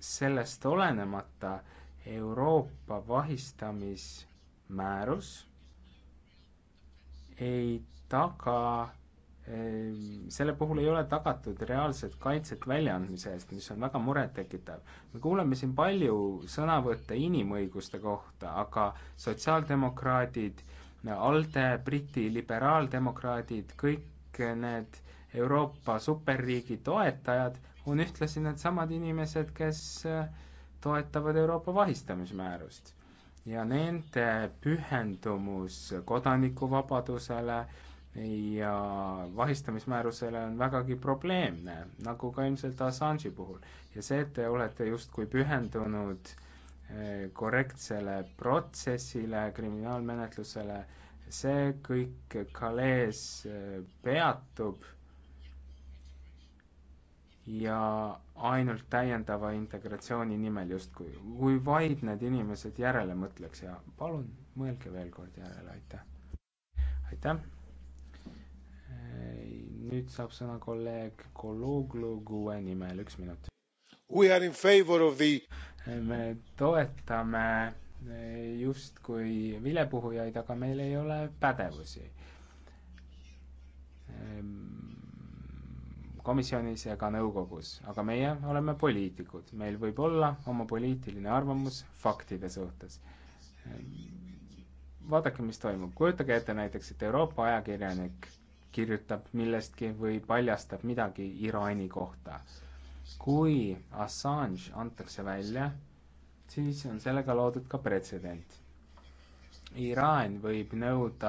sellest olenemata Euroopa vahistamismäärus ei taga Ehm, selle puhul ei ole tagatud reaalset kaitset väljaandmise eest, mis on väga murettekitav. me kuuleme siin palju sõnavõtte inimõiguste kohta, aga sotsiaaldemokraadid, ALDE, Briti liberaaldemokraadid, kõik need Euroopa superriigi toetajad on ühtlasi needsamad inimesed, kes äh, toetavad Euroopa vahistamismäärust. ja nende pühendumus kodanikuvabadusele, ja vahistamismäärusele on vägagi probleemne, nagu ka ilmselt Assange'i puhul. ja see, et te olete justkui pühendunud eh, korrektsele protsessile, kriminaalmenetlusele, see kõik Calais eh, peatub ja ainult täiendava integratsiooni nimel justkui, kui vaid need inimesed järele mõtleks ja palun mõelge veel kord järele, aitäh. aitäh nüüd saab sõna kolleeg Kologlu Gue nimel, üks minut. We are in favor of the me toetame justkui vilepuhujaid, aga meil ei ole pädevusi. Ehm, komisjonis ega nõukogus, aga meie oleme poliitikud, meil võib olla oma poliitiline arvamus faktide suhtes. Ehm, vaadake, mis toimub, kujutage ette näiteks, et Euroopa ajakirjanik kirjutab millestki või paljastab midagi Iraani kohta. kui Assange antakse välja, siis on sellega loodud ka pretsedent. Iraan võib nõuda